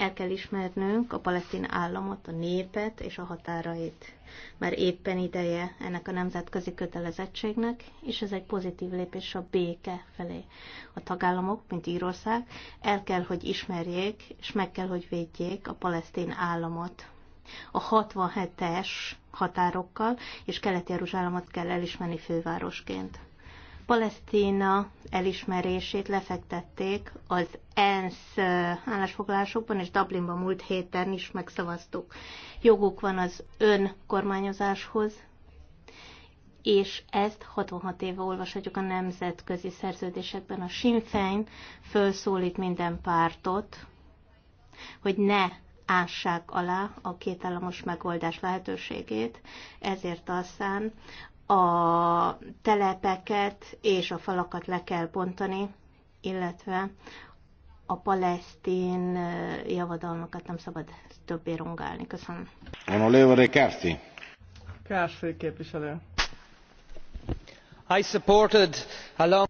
El kell ismernünk a palesztin államot, a népet és a határait, mert éppen ideje ennek a nemzetközi kötelezettségnek, és ez egy pozitív lépés a béke felé. A tagállamok, mint Írország, el kell, hogy ismerjék, és meg kell, hogy védjék a palesztin államot, a 67-es határokkal, és Kelet-Jeruzsálemot kell elismerni fővárosként. Palesztina elismerését lefektették az ENSZ állásfoglalásokban, és Dublinban múlt héten is megszavaztuk. Joguk van az önkormányozáshoz, és ezt 66 éve olvashatjuk a nemzetközi szerződésekben. A Sinn Féin felszólít minden pártot, hogy ne ássák alá a kétállamos megoldás lehetőségét, ezért aztán a telepeket és a falakat le kell bontani, illetve a palesztin javadalmakat nem szabad többé rongálni. Köszönöm.
Honorable Kárfi.
Kárfi képviselő. I supported along...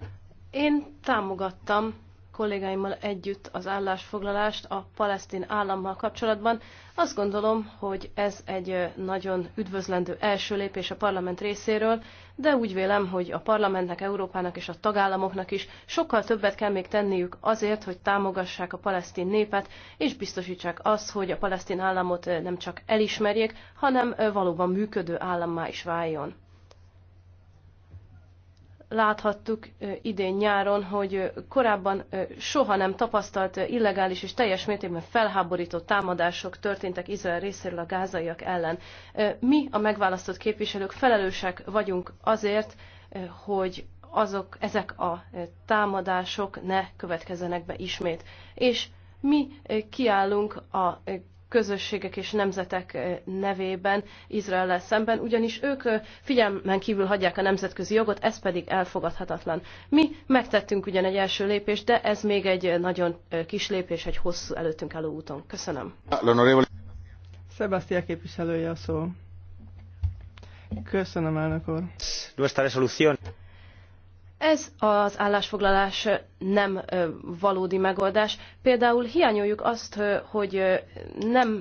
Én támogattam kollégáimmal együtt az állásfoglalást a palesztin állammal kapcsolatban. Azt gondolom, hogy ez egy nagyon üdvözlendő első lépés a parlament részéről, de úgy vélem, hogy a parlamentnek, Európának és a tagállamoknak is sokkal többet kell még tenniük azért, hogy támogassák a palesztin népet, és biztosítsák azt, hogy a palesztin államot nem csak elismerjék, hanem valóban működő állammá is váljon láthattuk idén nyáron, hogy korábban soha nem tapasztalt illegális és teljes mértékben felháborító támadások történtek Izrael részéről a gázaiak ellen. Mi, a megválasztott képviselők felelősek vagyunk azért, hogy azok, ezek a támadások ne következzenek be ismét. És mi kiállunk a közösségek és nemzetek eh, nevében Izrael szemben, ugyanis ők eh, figyelmen kívül hagyják a nemzetközi jogot, ez pedig elfogadhatatlan. Mi megtettünk ugyan egy első lépést, de ez még egy eh, nagyon kis lépés, egy hosszú előttünk álló úton. Köszönöm.
Sebastián képviselője a szó. Köszönöm, elnök úr.
Nuestra resolución.
Ez az állásfoglalás
nem valódi megoldás. Például hiányoljuk azt, hogy nem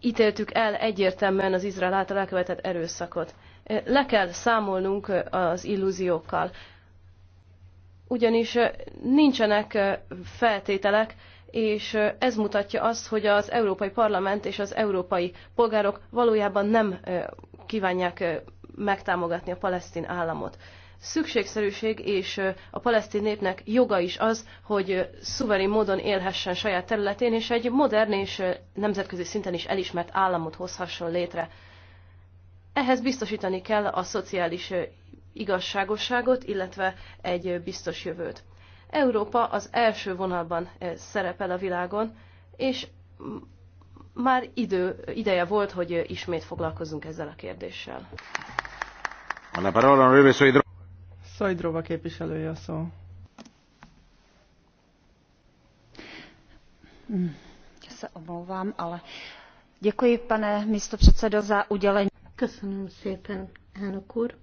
ítéltük el egyértelműen az Izrael által elkövetett erőszakot. Le kell számolnunk az illúziókkal. Ugyanis nincsenek feltételek, és ez mutatja azt, hogy az Európai Parlament és az európai polgárok valójában nem kívánják megtámogatni a palesztin államot szükségszerűség és a palesztin népnek joga is az, hogy szuverén módon élhessen saját területén, és egy modern és nemzetközi szinten is elismert államot hozhasson létre. Ehhez biztosítani kell a szociális igazságosságot, illetve egy biztos jövőt. Európa az első vonalban szerepel a világon, és már idő, ideje volt, hogy ismét foglalkozunk ezzel a kérdéssel.
Szajdrova képviselője a szó.
Se
ale děkuji, pane místopředsedo, za udělení. Köszönöm szépen, elnök úr.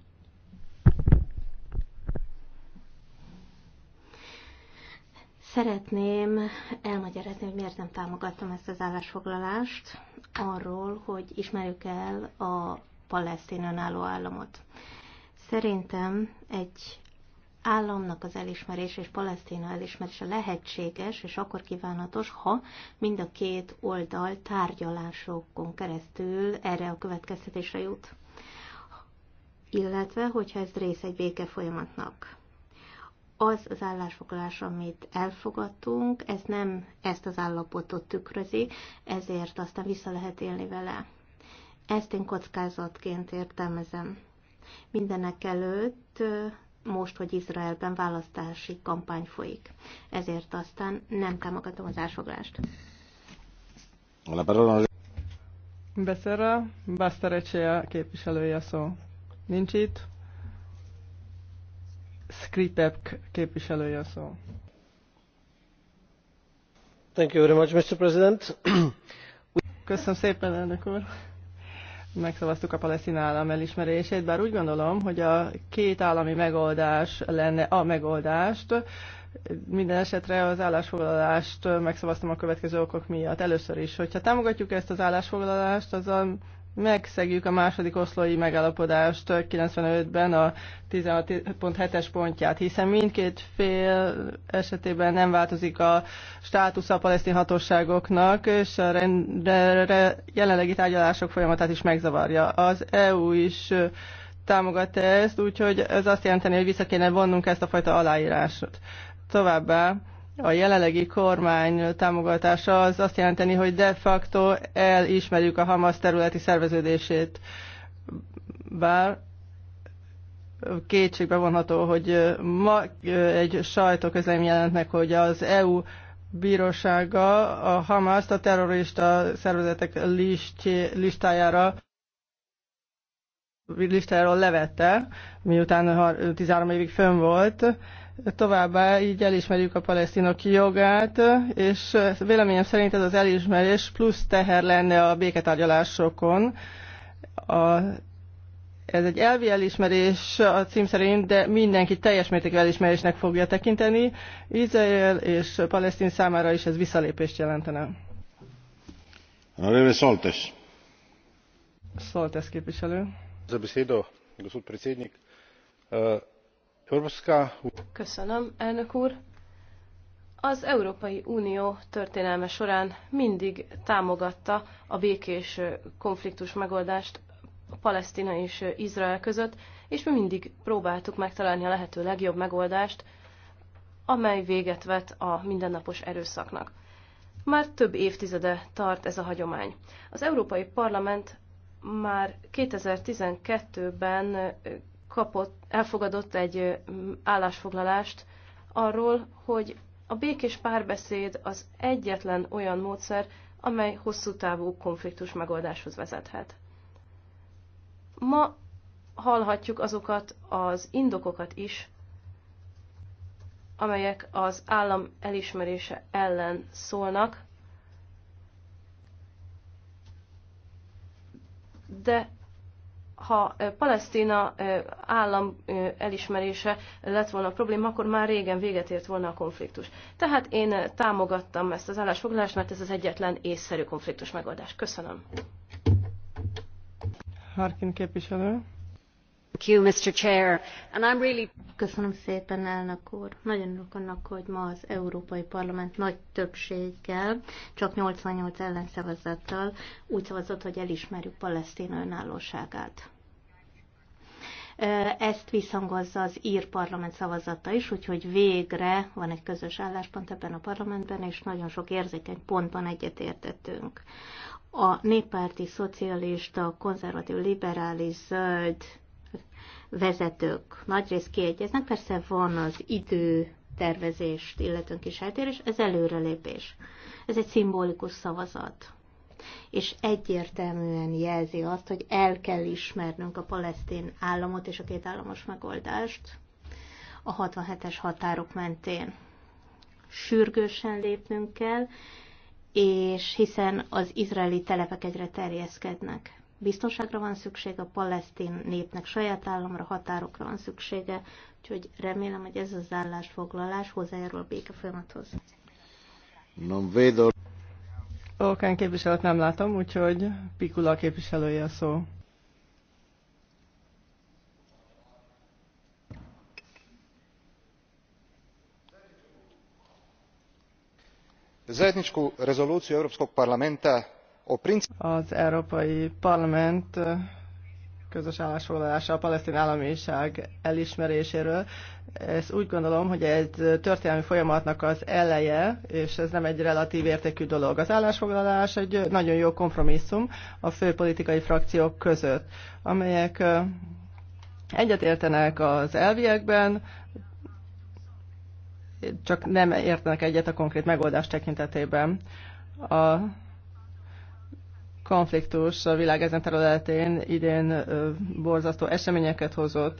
Szeretném elmagyarázni, hogy miért nem támogattam ezt az állásfoglalást arról, hogy ismerjük el a palesztin önálló államot. Szerintem egy államnak az elismerése és Palesztina elismerése lehetséges, és akkor kívánatos, ha mind a két oldal tárgyalásokon keresztül erre a következtetésre jut. Illetve, hogyha ez rész egy béke folyamatnak. Az az állásfoglalás, amit elfogadtunk, ez nem ezt az állapotot tükrözi, ezért aztán vissza lehet élni vele. Ezt én kockázatként értelmezem Mindenek előtt most, hogy Izraelben választási kampány folyik. Ezért aztán nem támogatom az ásoglást.
Beszerre, Baszterecse képviselője szó. Nincs itt. Skripep képviselője szó. Thank you very much, Mr. President. Köszönöm szépen, elnök úr megszavaztuk a palesztin állam elismerését, bár úgy gondolom, hogy a két állami megoldás lenne a megoldást. Minden esetre az állásfoglalást megszavaztam a következő okok miatt. Először is, hogyha támogatjuk ezt az állásfoglalást, azzal megszegjük a második oszlói megállapodást 95-ben a 16.7-es pontját, hiszen mindkét fél esetében nem változik a státusz a palesztin hatóságoknak, és a rendre, jelenlegi tárgyalások folyamatát is megzavarja. Az EU is támogatta ezt, úgyhogy ez azt jelenteni, hogy vissza kéne vonnunk ezt a fajta aláírásot. Továbbá a jelenlegi kormány támogatása az azt jelenteni, hogy de facto elismerjük a Hamas területi szerveződését. Bár kétségbe vonható, hogy ma egy sajtóközlem jelent meg, hogy az EU bírósága a Hamaszt a terrorista szervezetek listájára listájáról levette, miután 13 évig fönn volt, Továbbá így elismerjük a palesztinok jogát, és véleményem szerint ez az elismerés plusz teher lenne a béketárgyalásokon. A, ez egy elvi elismerés a cím szerint, de mindenki teljes mértékű elismerésnek fogja tekinteni. Izrael és Palesztin számára is ez visszalépést jelentene. neve Szoltes. Szoltes képviselő.
a besedo, gospod predsednik. Köszönöm,
elnök úr. Az Európai Unió történelme során mindig támogatta a békés konfliktus megoldást Palesztina és Izrael között, és mi mindig próbáltuk megtalálni a lehető legjobb megoldást, amely véget vet a mindennapos erőszaknak. Már több évtizede tart ez a hagyomány. Az Európai Parlament már 2012-ben kapott, elfogadott egy állásfoglalást arról, hogy a békés párbeszéd az egyetlen olyan módszer, amely hosszú távú konfliktus megoldáshoz vezethet. Ma hallhatjuk azokat az indokokat is, amelyek az állam elismerése ellen szólnak, de ha Palesztina állam elismerése lett volna a probléma, akkor már régen véget ért volna a konfliktus. Tehát én támogattam ezt az állásfoglalást, mert ez az egyetlen észszerű konfliktus megoldás. Köszönöm.
Harkin képviselő.
Köszönöm szépen, elnök úr. Nagyon örülök annak, hogy ma az Európai Parlament nagy többséggel, csak 88 ellenszavazattal úgy szavazott, hogy elismerjük Palesztin önállóságát. Ezt visszhangozza az ír parlament szavazata is, úgyhogy végre van egy közös álláspont ebben a parlamentben, és nagyon sok érzékeny pontban egyetértettünk. A néppárti, szocialista, konzervatív, liberális, zöld vezetők nagyrészt kiegyeznek, persze van az idő tervezést illetően kis eltérés, ez előrelépés. Ez egy szimbolikus szavazat. És egyértelműen jelzi azt, hogy el kell ismernünk a palesztin államot és a két államos megoldást a 67-es határok mentén. Sürgősen lépnünk kell, és hiszen az izraeli telepek egyre terjeszkednek. Biztonságra van szüksége a palesztin népnek saját államra, határokra van szüksége, úgyhogy remélem, hogy ez az állásfoglalás
hozzájárul a béke folyamathoz.
Nem vedo.
Okán képviselőt nem látom, úgyhogy Pikula képviselője a szó.
zajedničku rezoluciju europskog
parlamenta az Európai Parlament közös állásfoglalása a palesztin államiság elismeréséről. Ezt úgy gondolom, hogy ez történelmi folyamatnak az eleje, és ez nem egy relatív értékű dolog. Az állásfoglalás egy nagyon jó kompromisszum a fő politikai frakciók között, amelyek egyetértenek az elviekben, csak nem értenek egyet a konkrét megoldás tekintetében. A konfliktus a világ ezen területén idén borzasztó eseményeket hozott.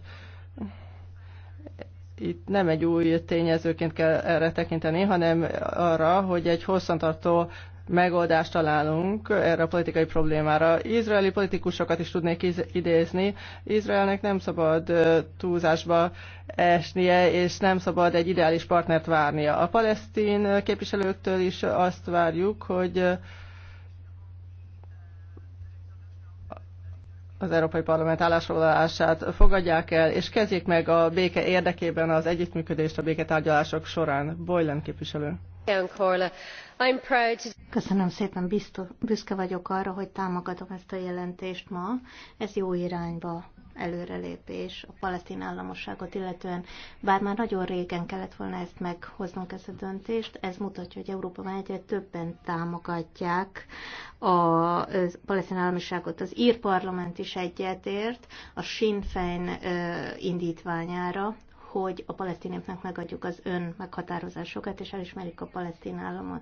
Itt nem egy új tényezőként kell erre tekinteni, hanem arra, hogy egy hosszantartó megoldást találunk erre a politikai problémára. Izraeli politikusokat is tudnék idézni. Izraelnek nem szabad túlzásba esnie, és nem szabad egy ideális partnert várnia. A palesztin képviselőktől is azt várjuk, hogy az Európai Parlament állásfoglalását fogadják el, és kezdjék meg a béke érdekében az együttműködést a béketárgyalások során. Boylan képviselő.
Köszönöm szépen, Biztos, büszke vagyok arra, hogy támogatom ezt a jelentést ma. Ez jó irányba előrelépés a palesztin államosságot illetően. Bár már nagyon régen kellett volna ezt meghoznunk, ezt a döntést, ez mutatja, hogy Európában egyre többen támogatják a, palesztin államosságot. Az ír parlament is egyetért a Sinn Féin indítványára, hogy a palesztineknek megadjuk az ön meghatározásokat, és elismerjük a palesztin államot.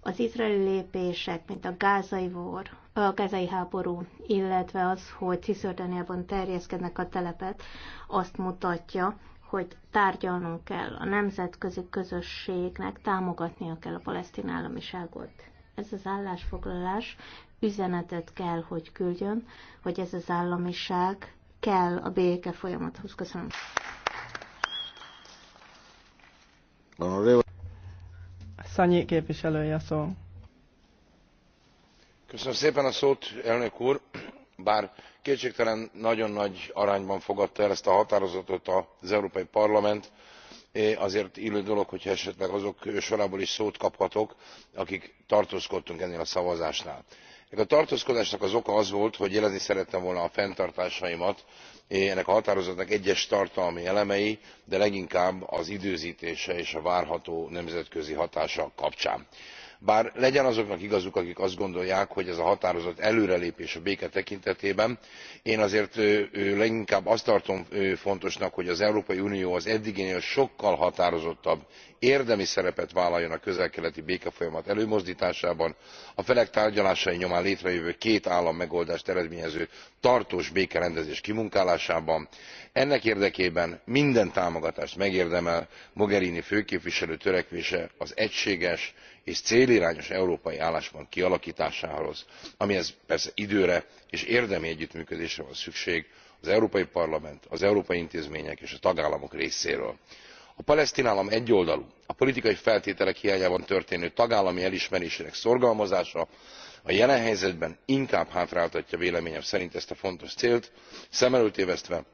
Az izraeli lépések, mint a gázai vor, a gázai háború, illetve az, hogy Cisjordániában terjeszkednek a telepet, azt mutatja, hogy tárgyalnunk kell a nemzetközi közösségnek, támogatnia kell a palesztin államiságot. Ez az állásfoglalás üzenetet kell, hogy küldjön, hogy ez az államiság kell a béke folyamathoz. Köszönöm.
Szanyi képviselője szó
elnök úr. bár kétségtelen nagyon nagy arányban fogadta el ezt a határozatot az európai parlament azért illő dolog hogyha esetleg azok sorából is szót kaphatok akik tartózkodtunk ennél a szavazásnál. ennek a tartózkodásnak az oka az volt hogy jelezni szerettem volna a fenntartásaimat ennek a határozatnak egyes tartalmi elemei de leginkább az időztése és a várható nemzetközi hatása kapcsán bár legyen azoknak igazuk akik azt gondolják hogy ez a határozat előrelépés a béke tekintetében én azért leginkább azt tartom fontosnak hogy az európai unió az eddiginél sokkal határozottabb érdemi szerepet vállaljon a közel keleti békefolyamat előmozdtásában a felek tárgyalásai nyomán létrejövő két állam megoldást eredményező tartós békerendezés kimunkálásában. ennek érdekében minden támogatást megérdemel mogherini főképviselő törekvése az egységes és célirányos európai álláspont kialaktásához amihez persze időre és érdemi együttműködésre van szükség az európai parlament az európai intézmények és a tagállamok részéről. a palesztin állam egyoldalú a politikai feltételek hiányában történő tagállami elismerésének szorgalmazása a jelen helyzetben inkább hátráltatja véleményem szerint ezt a fontos célt szem előtt tévesztve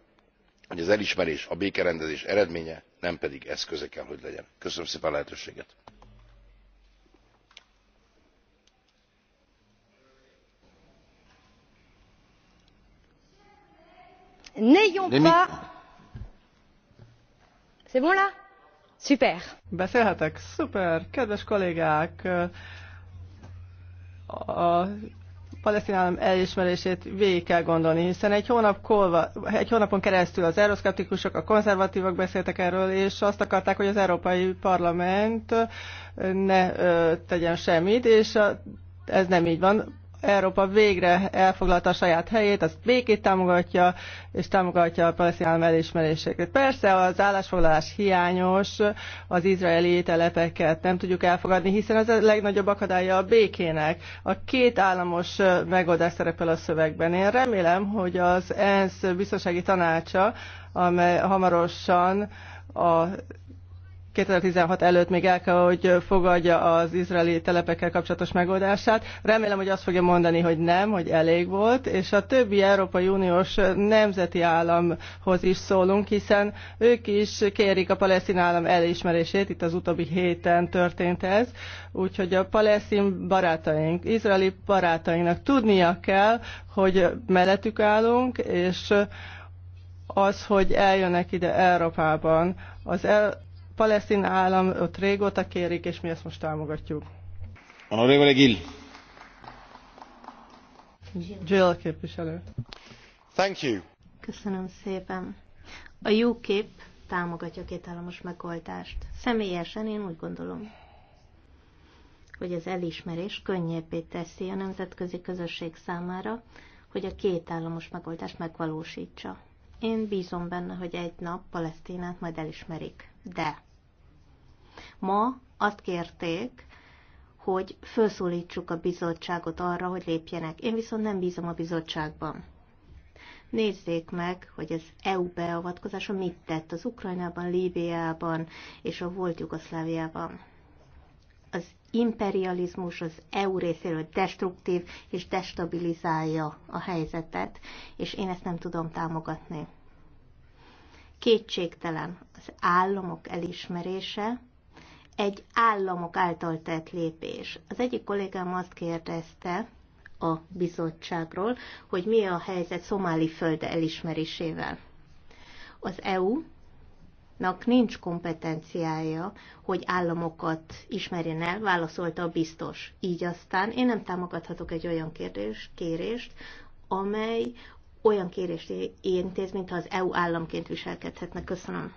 hogy az elismerés a békerendezés eredménye nem pedig eszköze kell hogy legyen. köszönöm szépen a lehetőséget!
n'ayons pas c'est bon là
super
beszélhetek szuper kedves kollégák a palesztin állam elismerését végig kell gondolni, hiszen egy, hónap kolva, egy hónapon keresztül az euroszkeptikusok, a konzervatívak beszéltek erről, és azt akarták, hogy az Európai Parlament ne ö, tegyen semmit, és a, ez nem így van Európa végre elfoglalta a saját helyét, azt békét támogatja, és támogatja a palesztin állam elismerését. Persze az állásfoglalás hiányos, az izraeli telepeket nem tudjuk elfogadni, hiszen ez a legnagyobb akadálya a békének. A két államos megoldás szerepel a szövegben. Én remélem, hogy az ENSZ biztonsági tanácsa, amely hamarosan a 2016 előtt még el kell, hogy fogadja az izraeli telepekkel kapcsolatos megoldását. Remélem, hogy azt fogja mondani, hogy nem, hogy elég volt, és a többi Európai Uniós nemzeti államhoz is szólunk, hiszen ők is kérik a palesztin állam elismerését, itt az utóbbi héten történt ez, úgyhogy a palesztin barátaink, izraeli barátainknak tudnia kell, hogy mellettük állunk, és az, hogy eljönnek ide Európában. Az el, palesztin állam ott régóta kérik, és mi ezt most támogatjuk.
Honorable Gill.
Jill képviselő. Thank you.
Köszönöm szépen. A UKIP támogatja a kétállamos megoldást. Személyesen én úgy gondolom, hogy az elismerés könnyebbé teszi a nemzetközi közösség számára, hogy a kétállamos megoldást megvalósítsa. Én bízom benne, hogy egy nap Palesztinát majd elismerik de ma azt kérték, hogy felszólítsuk a bizottságot arra, hogy lépjenek. Én viszont nem bízom a bizottságban. Nézzék meg, hogy az EU beavatkozása mit tett az Ukrajnában, Líbiában és a volt Jugoszláviában. Az imperializmus az EU részéről destruktív és destabilizálja a helyzetet, és én ezt nem tudom támogatni. Kétségtelen az államok elismerése egy államok által tett lépés. Az egyik kollégám azt kérdezte a bizottságról, hogy mi a helyzet szomáli föld elismerésével. Az EU nak nincs kompetenciája, hogy államokat ismerjen el, válaszolta a biztos. Így aztán én nem támogathatok egy olyan kérdés, kérést, amely olyan kérést intéz, mint az EU államként viselkedhetne. Köszönöm.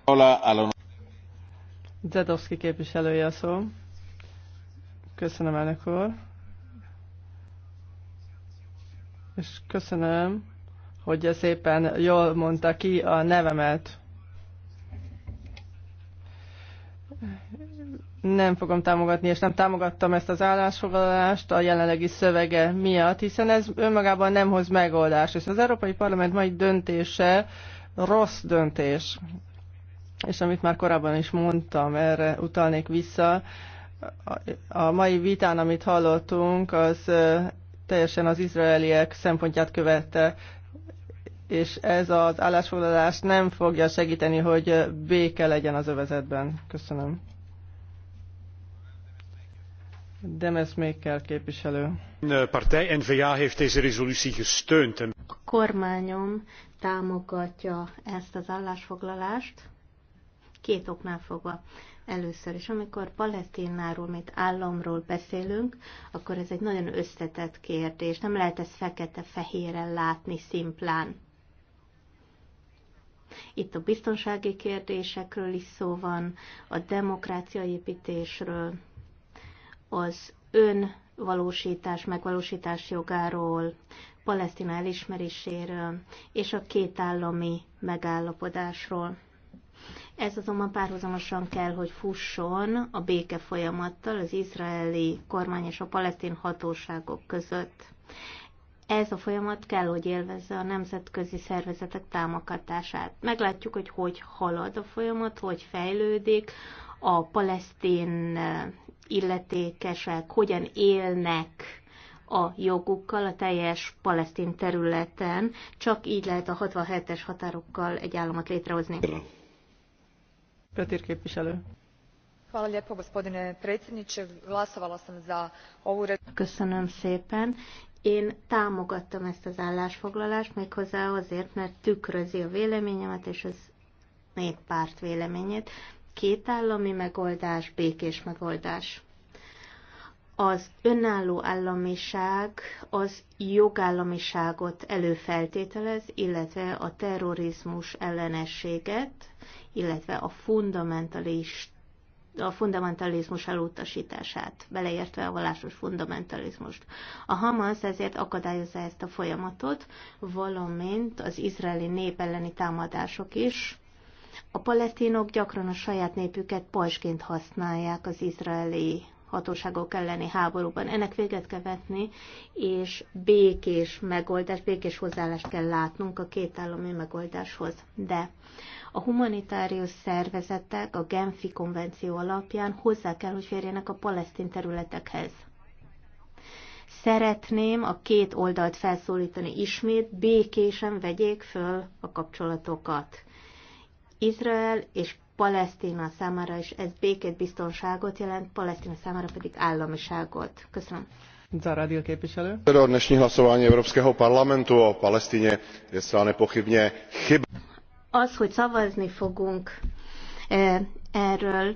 Zedowski képviselője a szó. Köszönöm, elnök úr. És köszönöm, hogy szépen jól mondta ki a nevemet. nem fogom támogatni, és nem támogattam ezt az állásfoglalást a jelenlegi szövege miatt, hiszen ez önmagában nem hoz megoldást. És az Európai Parlament mai döntése rossz döntés. És amit már korábban is mondtam, erre utalnék vissza, a mai vitán, amit hallottunk, az teljesen az izraeliek szempontját követte, és ez az állásfoglalás nem fogja segíteni, hogy béke legyen az övezetben. Köszönöm. Demes képviselő.
Eh, a partij NVA heeft deze resolutie gesteund. A
kormányom
támogatja ezt az állásfoglalást két oknál fogva. Először is, amikor Palesztináról, mint államról beszélünk, akkor ez egy nagyon összetett kérdés. Nem lehet ezt fekete-fehéren látni szimplán. Itt a biztonsági kérdésekről is szó van, a demokrácia építésről, az ön valósítás, megvalósítás jogáról, Palesztina elismeréséről és a két állami megállapodásról. Ez azonban párhuzamosan kell, hogy fusson a béke folyamattal az izraeli kormány és a palesztin hatóságok között. Ez a folyamat kell, hogy élvezze a nemzetközi szervezetek támogatását. Meglátjuk, hogy hogy halad a folyamat, hogy fejlődik, a palesztin illetékesek hogyan élnek a jogukkal a teljes palesztin területen, csak így lehet a 67-es határokkal egy államot létrehozni. Petir képviselő.
Hvala lijepo gospodine predsjedniče. Glasovala sam za ovu
Köszönöm szépen. Én támogattam ezt az állásfoglalást méghozzá azért, mert tükrözi a véleményemet és az néppárt véleményét, kétállami megoldás, békés megoldás. Az önálló államiság az jogállamiságot előfeltételez, illetve a terrorizmus ellenességet, illetve a fundamentalist a fundamentalizmus elutasítását, beleértve a vallásos fundamentalizmust. A Hamas ezért akadályozza ezt a folyamatot, valamint az izraeli nép elleni támadások is, a palesztinok gyakran a saját népüket pajsként használják az izraeli hatóságok elleni háborúban. Ennek véget kell vetni, és békés megoldás, békés hozzáállást kell látnunk a két állami megoldáshoz. De a humanitárius szervezetek a Genfi konvenció alapján hozzá kell, hogy férjenek a palesztin területekhez. Szeretném a két oldalt felszólítani ismét, békésen vegyék föl a kapcsolatokat Izrael és Palesztina számára is ez békét, biztonságot jelent, Palesztina számára pedig államiságot. Köszönöm.
Zaradil képviselő.
Dnešní hlasování Evropského parlamentu o Palestině je zcela nepochybně chyba.
Az, hogy szavazni fogunk eh, erről,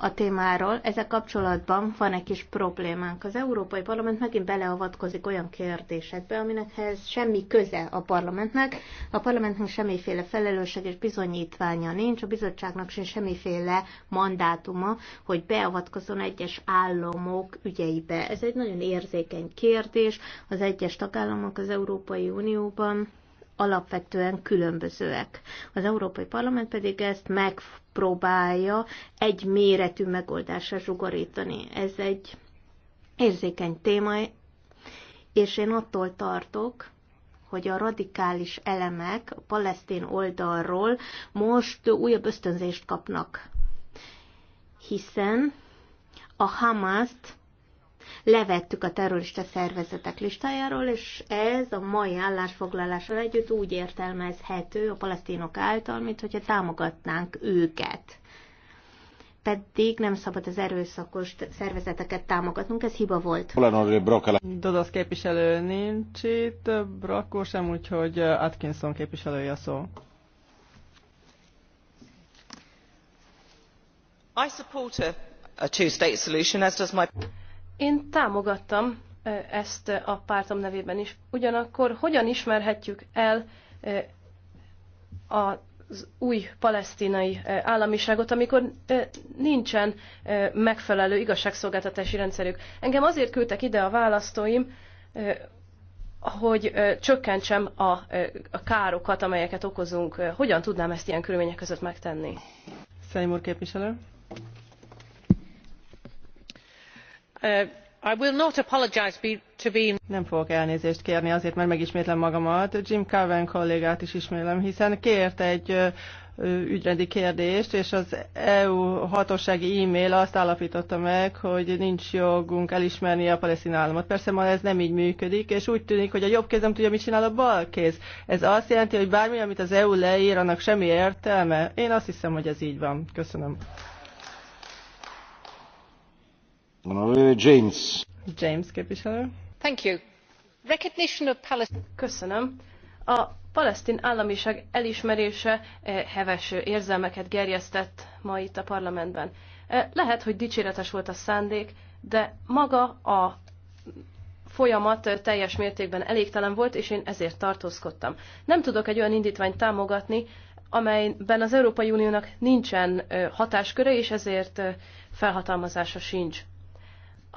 a témáról. Ezzel kapcsolatban van egy kis problémánk. Az Európai Parlament megint beleavatkozik olyan kérdésekbe, aminekhez semmi köze a parlamentnek. A parlamentnek semmiféle felelősség és bizonyítványa nincs, a bizottságnak sem semmiféle mandátuma, hogy beavatkozzon egyes államok ügyeibe. Ez egy nagyon érzékeny kérdés. Az egyes tagállamok az Európai Unióban alapvetően különbözőek. Az Európai Parlament pedig ezt megpróbálja egy méretű megoldásra zsugorítani. Ez egy érzékeny téma, és én attól tartok, hogy a radikális elemek a palesztin oldalról most újabb ösztönzést kapnak. Hiszen a Hamaszt levettük a terrorista szervezetek listájáról, és ez a mai állásfoglalással együtt úgy értelmezhető a palesztinok által, mint hogyha támogatnánk őket. Pedig nem szabad az erőszakos szervezeteket támogatnunk, ez hiba volt.
Dodasz képviselő nincs itt, Brakó sem, úgyhogy uh, Atkinson képviselője a szó. I support a, a two-state solution, as does my...
Én támogattam ezt a pártom nevében is. Ugyanakkor hogyan ismerhetjük el az új palesztinai államiságot, amikor nincsen megfelelő igazságszolgáltatási rendszerük. Engem azért küldtek ide a választóim, hogy csökkentsem a, károkat, amelyeket okozunk. Hogyan tudnám ezt ilyen körülmények között megtenni? Szeimur képviselő.
Uh, nem fogok elnézést kérni azért mert megismétlem magamat jim cowan kollégát is ismétlem hiszen kért egy ügyrendi kérdést és az eu hatósági e mail azt állapította meg hogy nincs jogunk elismerni a palesztin államot. persze ma ez nem így működik és úgy tűnik hogy a jobb kéz nem tudja mit csinál a bal kéz. ez azt jelenti hogy bármi amit az eu leír annak semmi értelme. én azt hiszem hogy ez így van. köszönöm.
A palesztin államiság elismerése eh, heves érzelmeket gerjesztett ma itt a parlamentben. Eh, lehet, hogy dicséretes volt a szándék, de maga a folyamat eh, teljes mértékben elégtelen volt, és én ezért tartózkodtam. Nem tudok egy olyan indítványt támogatni, amelyben az Európai Uniónak nincsen hatásköre, és ezért felhatalmazása sincs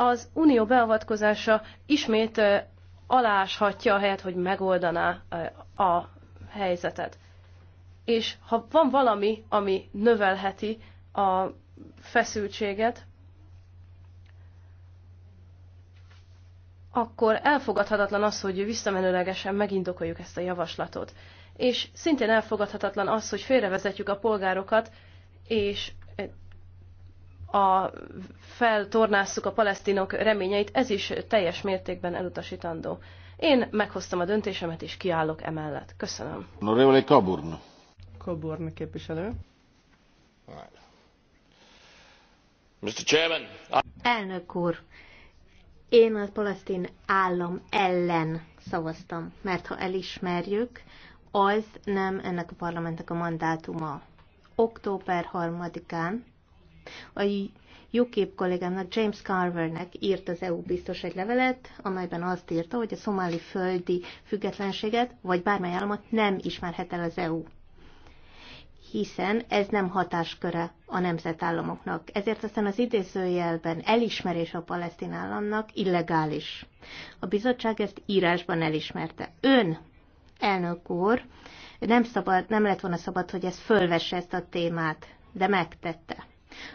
az unió beavatkozása ismét aláshatja a helyet, hogy megoldaná a helyzetet. És ha van valami, ami növelheti a feszültséget, akkor elfogadhatatlan az, hogy visszamenőlegesen megindokoljuk ezt a javaslatot. És szintén elfogadhatatlan az, hogy félrevezetjük a polgárokat, és a, feltornáztuk a palesztinok reményeit, ez is teljes mértékben elutasítandó. Én meghoztam a döntésemet, és kiállok emellett. Köszönöm.
Honorevole Coburn.
Coburn képviselő.
Mr. Chairman,
Elnök úr, én a palesztin állam ellen szavaztam, mert ha elismerjük, az nem ennek a parlamentnek a mandátuma. Október 3-án a UKIP kollégámnak, James Carvernek írt az EU biztos egy levelet, amelyben azt írta, hogy a szomáli földi függetlenséget, vagy bármely államot nem ismerhet el az EU hiszen ez nem hatásköre a nemzetállamoknak. Ezért aztán az idézőjelben elismerés a palesztin államnak illegális. A bizottság ezt írásban elismerte. Ön, elnök úr, nem, szabad, nem lett volna szabad, hogy ez fölvesse ezt a témát, de megtette.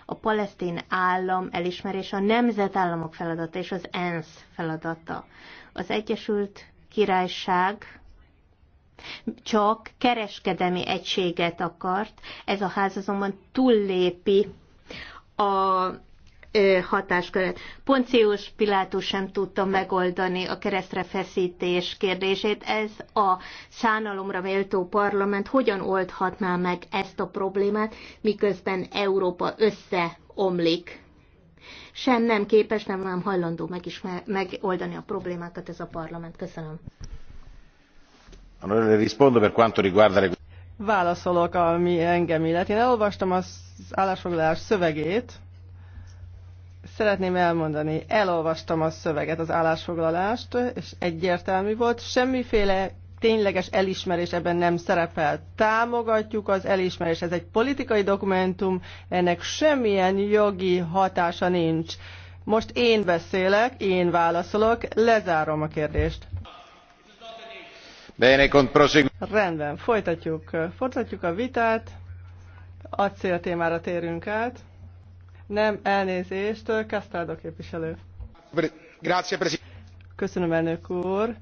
A palesztin állam elismerése a nemzetállamok feladata és az ENSZ feladata. Az Egyesült Királyság csak kereskedemi egységet akart, ez a ház azonban túllépi a hatásköret. Poncius Pilátus sem tudta megoldani a keresztre feszítés kérdését. Ez a szánalomra méltó parlament hogyan oldhatná meg ezt a problémát, miközben Európa összeomlik? Sem nem képes, nem, nem hajlandó megismer, megoldani a problémákat
ez a parlament. Köszönöm. Válaszolok, ami engem illet. Én elolvastam az állásfoglalás szövegét, szeretném elmondani, elolvastam a szöveget, az állásfoglalást, és egyértelmű volt, semmiféle tényleges elismerés ebben nem szerepel. Támogatjuk az elismerés, ez egy politikai dokumentum, ennek semmilyen jogi hatása nincs. Most én beszélek, én válaszolok, lezárom a kérdést. Rendben, folytatjuk, folytatjuk a vitát, acél témára térünk át. Nem, elnézést, Kasztáldó képviselő. Köszönöm, elnök úr.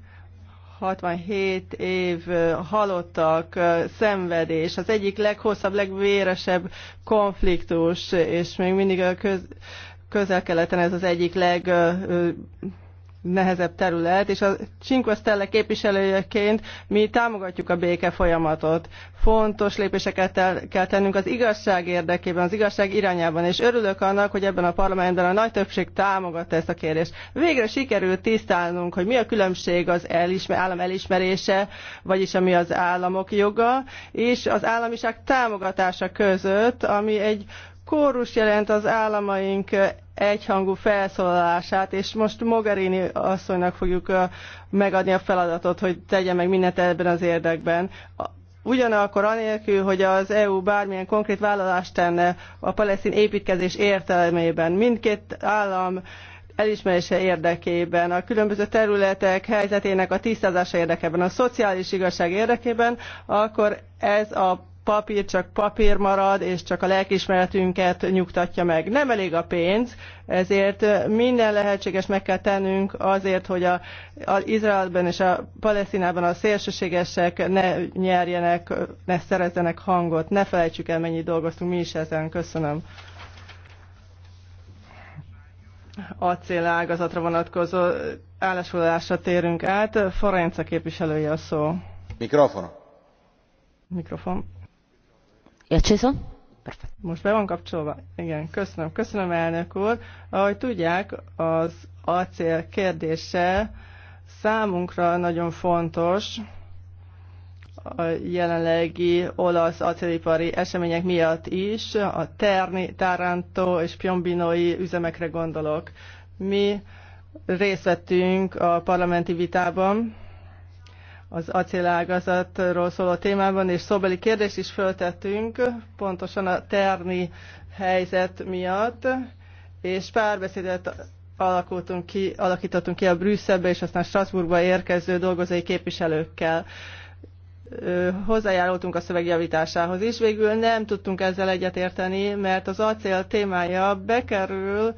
67 év halottak, szenvedés, az egyik leghosszabb, legvéresebb konfliktus, és még mindig a köz, közel-keleten ez az egyik leg nehezebb terület, és a Cinque Stelle képviselőjeként mi támogatjuk a béke folyamatot. Fontos lépéseket kell tennünk az igazság érdekében, az igazság irányában, és örülök annak, hogy ebben a parlamentben a nagy többség támogatta ezt a kérdést. Végre sikerült tisztálnunk, hogy mi a különbség az elismer, állam elismerése, vagyis ami az államok joga, és az államiság támogatása között, ami egy kórus jelent az államaink egyhangú felszólalását, és most Mogherini asszonynak fogjuk megadni a feladatot, hogy tegye meg mindent ebben az érdekben. Ugyanakkor anélkül, hogy az EU bármilyen konkrét vállalást tenne a palesztin építkezés értelmében, mindkét állam elismerése érdekében, a különböző területek helyzetének a tisztázása érdekében, a szociális igazság érdekében, akkor ez a papír csak papír marad, és csak a lelkismeretünket nyugtatja meg. Nem elég a pénz, ezért minden lehetséges meg kell tennünk azért, hogy a, az Izraelben és a Palesztinában a szélsőségesek ne nyerjenek, ne szerezzenek hangot. Ne felejtsük el, mennyit dolgoztunk mi is ezen. Köszönöm A acélágazatra vonatkozó állásfoglalásra térünk át. Forenca képviselője a szó. Mikrofon. Mikrofon. Jacsizom? Most be van kapcsolva? Igen, köszönöm. Köszönöm, elnök úr. Ahogy tudják, az acél kérdése számunkra nagyon fontos a jelenlegi olasz acélipari események miatt is. A Terni, Taranto és Piombinoi üzemekre gondolok. Mi részt vettünk a parlamenti vitában, az acélágazatról szóló témában, és szóbeli kérdést is föltettünk, pontosan a termi helyzet miatt, és párbeszédet alakultunk ki, alakítottunk ki a Brüsszelbe és aztán Strasbourgba érkező dolgozói képviselőkkel hozzájárultunk a szövegjavításához is. Végül nem tudtunk ezzel egyetérteni, mert az acél témája bekerül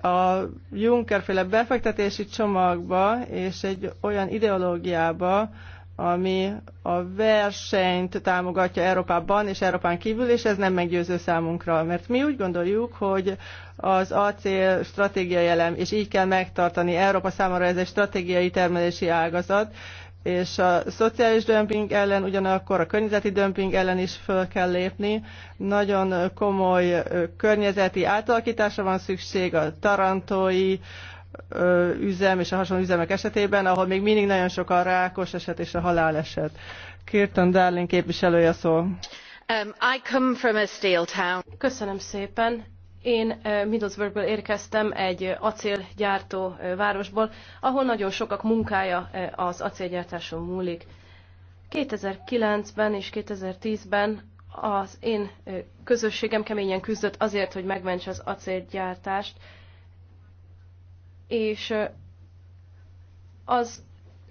a Juncker-féle befektetési csomagba és egy olyan ideológiába, ami a versenyt támogatja Európában és Európán kívül, és ez nem meggyőző számunkra, mert mi úgy gondoljuk, hogy az acél stratégiai elem, és így kell megtartani. Európa számára ez egy stratégiai termelési ágazat, és a szociális dömping ellen, ugyanakkor a környezeti dömping ellen is föl kell lépni. Nagyon komoly környezeti átalakításra van szükség a tarantói üzem és a hasonló üzemek esetében, ahol még mindig nagyon sok a rákos eset és a haláleset. Kirtan Darling képviselője szól. Um,
I come from a steel town. Köszönöm szépen én Middlesbrough-ből érkeztem egy acélgyártó városból, ahol nagyon sokak munkája az acélgyártáson múlik. 2009-ben és 2010-ben az én közösségem keményen küzdött azért, hogy megmentse az acélgyártást, és az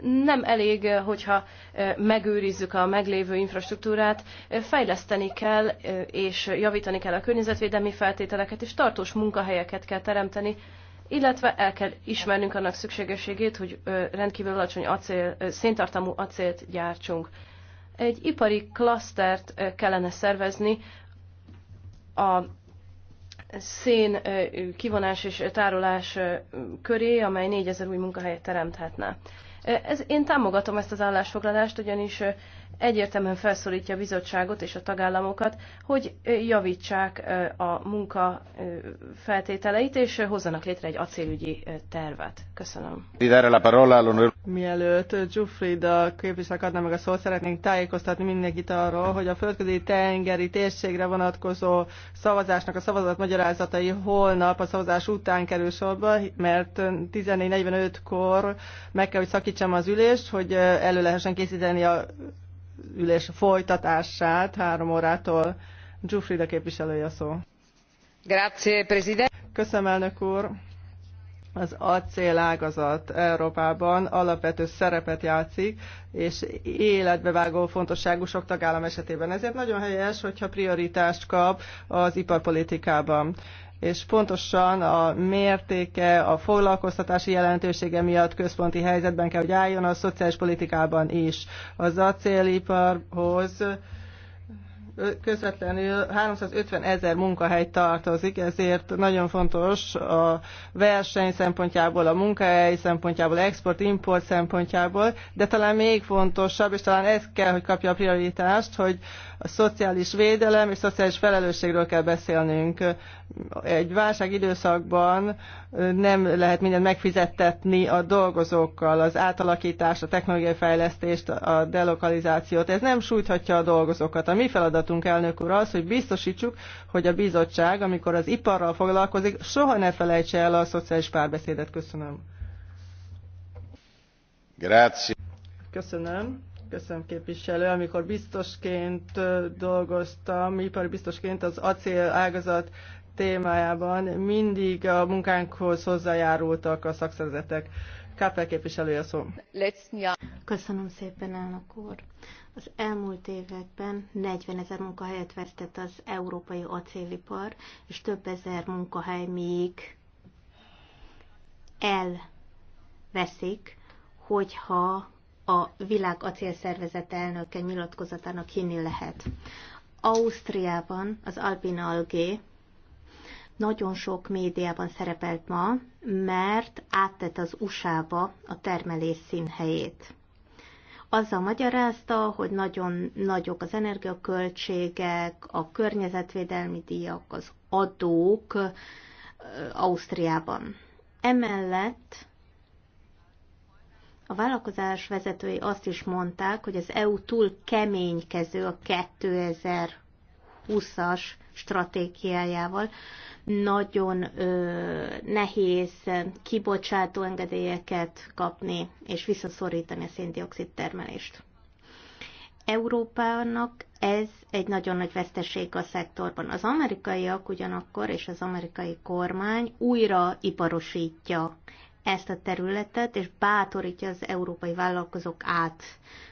nem elég, eh, hogyha eh, megőrizzük a meglévő infrastruktúrát, eh, fejleszteni kell és javítani kell a környezetvédelmi feltételeket, és tartós munkahelyeket kell teremteni, illetve el kell ismernünk annak szükségességét, hogy rendkívül alacsony acél, széntartamú acélt gyártsunk. Egy ipari klasztert kellene szervezni a szén kivonás és tárolás köré, amely 4000 új munkahelyet teremthetne. Ez, én támogatom ezt az állásfoglalást, ugyanis egyértelműen felszólítja a bizottságot és a tagállamokat, hogy javítsák a munka
feltételeit, és hozzanak létre egy acélügyi tervet. Köszönöm. Mielőtt Giuffrida képviselők adna meg a szót, szeretnénk tájékoztatni mindenkit arról, hogy a földközi tengeri térségre vonatkozó szavazásnak a szavazat magyarázatai holnap a szavazás után kerül sorba, mert 14.45-kor meg kell, hogy szakítsam az ülést, hogy elő lehessen készíteni a ülés folytatását három órától. Giuffrida képviselője a szó. Grazie, president. Köszönöm, elnök úr. Az acélágazat Európában alapvető szerepet játszik, és életbevágó fontosságú sok tagállam esetében. Ezért nagyon helyes, hogyha prioritást kap az iparpolitikában és pontosan a mértéke, a foglalkoztatási jelentősége miatt központi helyzetben kell, hogy álljon a szociális politikában is. Az acéliparhoz közvetlenül 350 ezer munkahely tartozik, ezért nagyon fontos a verseny szempontjából, a munkahely szempontjából, export-import szempontjából, de talán még fontosabb, és talán ez kell, hogy kapja a prioritást, hogy a szociális védelem és szociális felelősségről kell beszélnünk. Egy válság időszakban nem lehet mindent megfizettetni a dolgozókkal, az átalakítást, a technológiai fejlesztést, a delokalizációt. Ez nem sújthatja a dolgozókat. A mi feladatunk feladatunk, elnök úr, az, hogy biztosítsuk, hogy a bizottság, amikor az iparral foglalkozik, soha ne felejtse el a szociális párbeszédet. Köszönöm. Grazie. Köszönöm. Köszönöm képviselő. Amikor biztosként dolgoztam, ipari biztosként az acél ágazat témájában mindig a munkánkhoz hozzájárultak a szakszervezetek. Kápel képviselője szó.
Köszönöm szépen, elnök úr. Az elmúlt években 40 ezer munkahelyet vesztett az európai acélipar, és több ezer munkahely még elveszik, hogyha a világ acélszervezet elnöke nyilatkozatának hinni lehet. Ausztriában az Alpina Algé nagyon sok médiában szerepelt ma, mert áttett az USA-ba a termelés színhelyét. Azzal magyarázta, hogy nagyon nagyok az energiaköltségek, a környezetvédelmi díjak, az adók Ausztriában. Emellett a vállalkozás vezetői azt is mondták, hogy az EU túl keménykező a 2020-as stratégiájával. Nagyon ö, nehéz kibocsátó engedélyeket kapni és visszaszorítani a széndiokszid termelést. Európának ez egy nagyon nagy veszteség a szektorban. Az amerikaiak ugyanakkor és az amerikai kormány újra iparosítja ezt a területet, és bátorítja az európai vállalkozók át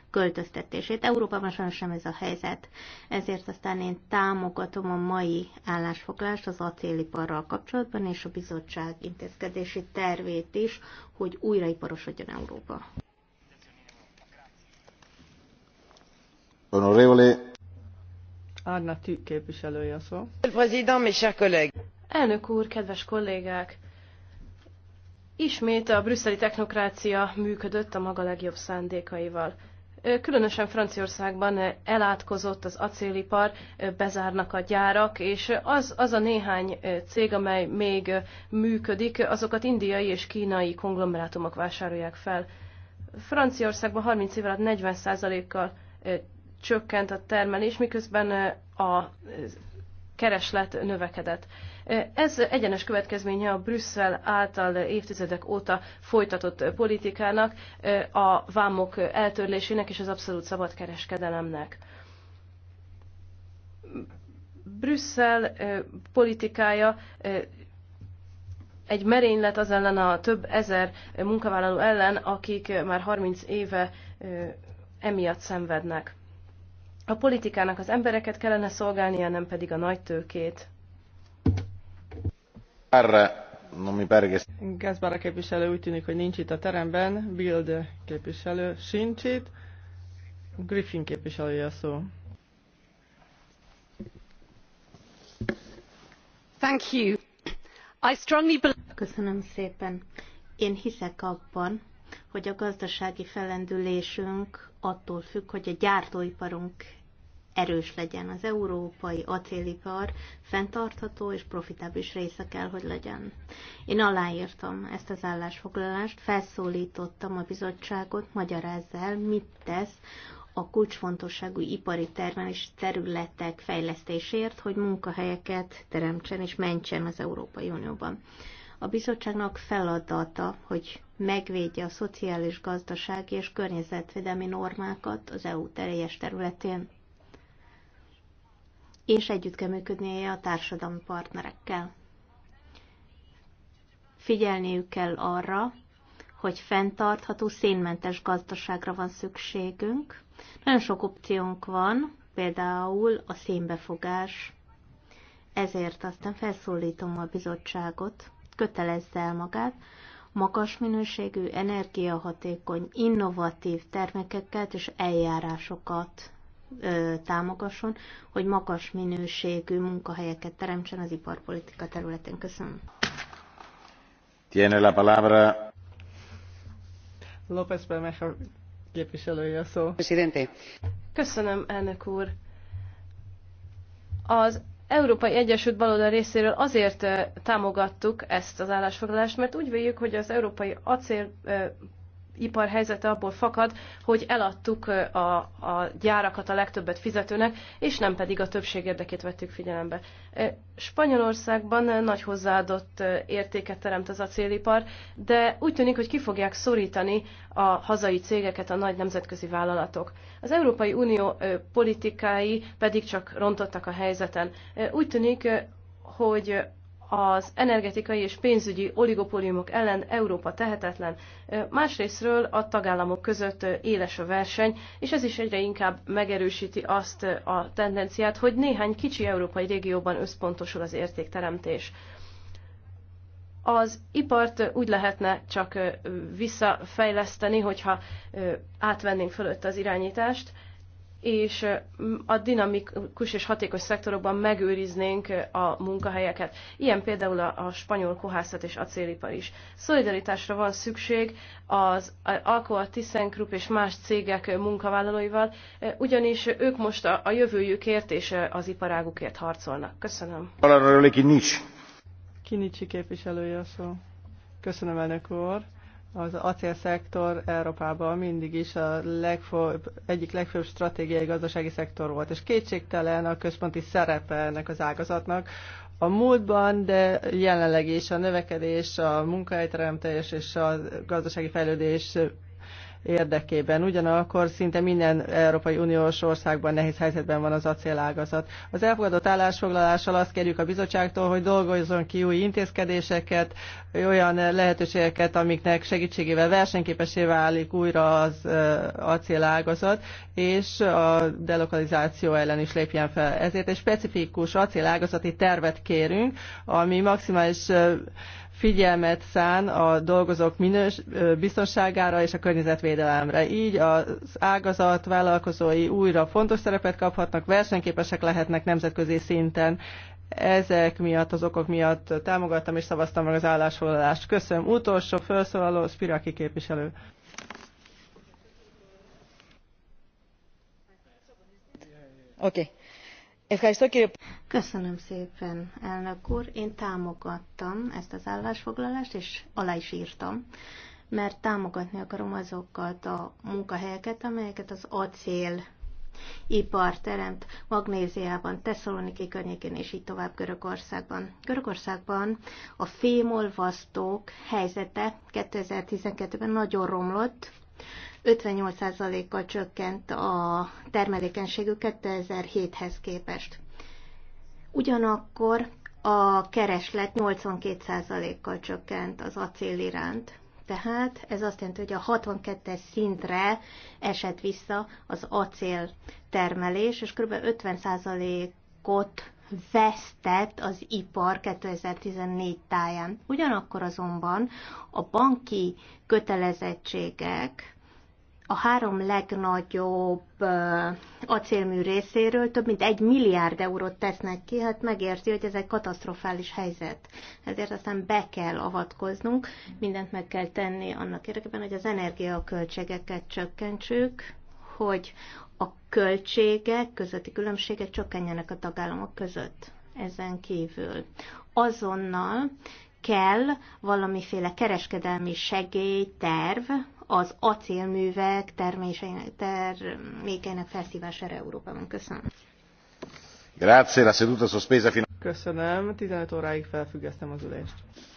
költöztetését. Európában sajnos sem ez a helyzet. Ezért aztán én támogatom a mai állásfoglást az acéliparral kapcsolatban, és a bizottság intézkedési tervét is, hogy újraiparosodjon Európa.
Honorevole.
Arna Tű képviselője a szó. Elnök
úr, kedves kollégák! Ismét a brüsszeli technokrácia működött a maga legjobb szándékaival. Különösen Franciaországban elátkozott az acélipar, bezárnak a gyárak, és az, az a néhány cég, amely még működik, azokat indiai és kínai konglomerátumok vásárolják fel. Franciaországban 30 év alatt 40%-kal csökkent a termelés, miközben a kereslet növekedett. Ez egyenes következménye a Brüsszel által évtizedek óta folytatott politikának, a vámok eltörlésének és az abszolút szabadkereskedelemnek. Brüsszel politikája egy merénylet az ellen a több ezer munkavállaló ellen, akik már 30 éve emiatt szenvednek. A politikának
az embereket kellene szolgálnia, nem pedig a nagy tőkét. Gászbára képviselő úgy tűnik, hogy nincs itt a teremben, Bild képviselő sincs itt, Griffin képviselője a szó.
Thank you. I strongly believe... Köszönöm szépen. Én hiszek abban, hogy a gazdasági fellendülésünk attól függ, hogy a gyártóiparunk erős legyen. Az európai acélipar fenntartható és profitábilis része kell, hogy legyen. Én aláírtam ezt az állásfoglalást, felszólítottam a bizottságot, magyarázz el, mit tesz a kulcsfontosságú ipari termelés területek fejlesztésért, hogy munkahelyeket teremtsen és mentsen az Európai Unióban. A bizottságnak feladata, hogy megvédje a szociális, gazdasági és környezetvédelmi normákat az EU teljes területén és együtt kell működnie a társadalmi partnerekkel. Figyelniük kell arra, hogy fenntartható, szénmentes gazdaságra van szükségünk. Nagyon sok opciónk van, például a szénbefogás. Ezért aztán felszólítom a bizottságot, kötelezze el magát, magas minőségű, energiahatékony, innovatív termékeket és eljárásokat támogasson, hogy magas minőségű munkahelyeket teremtsen az iparpolitika területén. Köszönöm.
Tiene la palabra.
López Bermejo képviselője a szó. Presidente.
Köszönöm, elnök úr. Az Európai Egyesült Baloldal részéről azért támogattuk ezt az állásfoglalást, mert úgy véljük, hogy az európai acél ipar helyzete abból fakad, hogy eladtuk a, a gyárakat a legtöbbet fizetőnek, és nem pedig a többség érdekét vettük figyelembe. Spanyolországban nagy hozzáadott értéket teremt az acélipar, de úgy tűnik, hogy ki fogják szorítani a hazai cégeket a nagy nemzetközi vállalatok. Az Európai Unió politikái pedig csak rontottak a helyzeten. Úgy tűnik, hogy az energetikai és pénzügyi oligopóliumok ellen Európa tehetetlen, másrésztről a tagállamok között éles a verseny, és ez is egyre inkább megerősíti azt a tendenciát, hogy néhány kicsi európai régióban összpontosul az értékteremtés. Az ipart úgy lehetne csak visszafejleszteni, hogyha átvennénk fölött az irányítást, és a dinamikus és hatékony szektorokban megőriznénk a munkahelyeket. Ilyen például a, a spanyol kohászat és acélipar is. Szolidaritásra van szükség az Alcoa, ThyssenKrupp és más cégek munkavállalóival, ugyanis ők most a, a
jövőjükért és az iparágukért harcolnak. Köszönöm. Kinicsi képviselője a szó. Köszönöm, elnök úr. Az acélszektor Európában mindig is a legfőbb, egyik legfőbb stratégiai gazdasági szektor volt, és kétségtelen a központi szerepe ennek az ágazatnak. A múltban, de jelenleg is a növekedés, a munkahelyteremtés és a gazdasági fejlődés érdekében. Ugyanakkor szinte minden Európai Uniós országban nehéz helyzetben van az acélágazat. Az elfogadott állásfoglalással azt kérjük a bizottságtól, hogy dolgozzon ki új intézkedéseket, olyan lehetőségeket, amiknek segítségével versenyképesé válik újra az acélágazat, és a delokalizáció ellen is lépjen fel. Ezért egy specifikus acélágazati tervet kérünk, ami maximális figyelmet szán a dolgozók minős, biztonságára és a környezetvédelemre. Így az ágazat vállalkozói újra fontos szerepet kaphatnak, versenyképesek lehetnek nemzetközi szinten. Ezek miatt, az okok miatt támogattam és szavaztam meg az állásfoglalást. Köszönöm. Utolsó felszólaló Spiraki képviselő. Oké.
Okay. Köszönöm szépen, elnök úr. Én támogattam ezt az állásfoglalást, és alá is írtam, mert támogatni akarom azokat a munkahelyeket, amelyeket az acél ipar teremt Magnéziában, Tesszaloniki környékén és így tovább Görögországban. Görögországban a fémolvasztók helyzete 2012-ben nagyon romlott, 58%-kal csökkent a termelékenységük 2007-hez képest. Ugyanakkor a kereslet 82%-kal csökkent az acél iránt. Tehát ez azt jelenti, hogy a 62-es szintre esett vissza az acél termelés, és kb. 50%-ot vesztett az ipar 2014 táján. Ugyanakkor azonban a banki kötelezettségek a három legnagyobb acélmű részéről több mint egy milliárd eurót tesznek ki, hát megérzi, hogy ez egy katasztrofális helyzet. Ezért aztán be kell avatkoznunk, mindent meg kell tenni annak érdekében, hogy az energiaköltségeket csökkentsük, hogy a költségek közötti különbségek csökkenjenek a tagállamok között. Ezen kívül azonnal kell valamiféle kereskedelmi segélyterv, az acélművek termékeinek felszívására Európában. Köszönöm.
Grazie, la seduta sospesa fino...
Köszönöm, 15 óráig felfüggesztem az
ülést.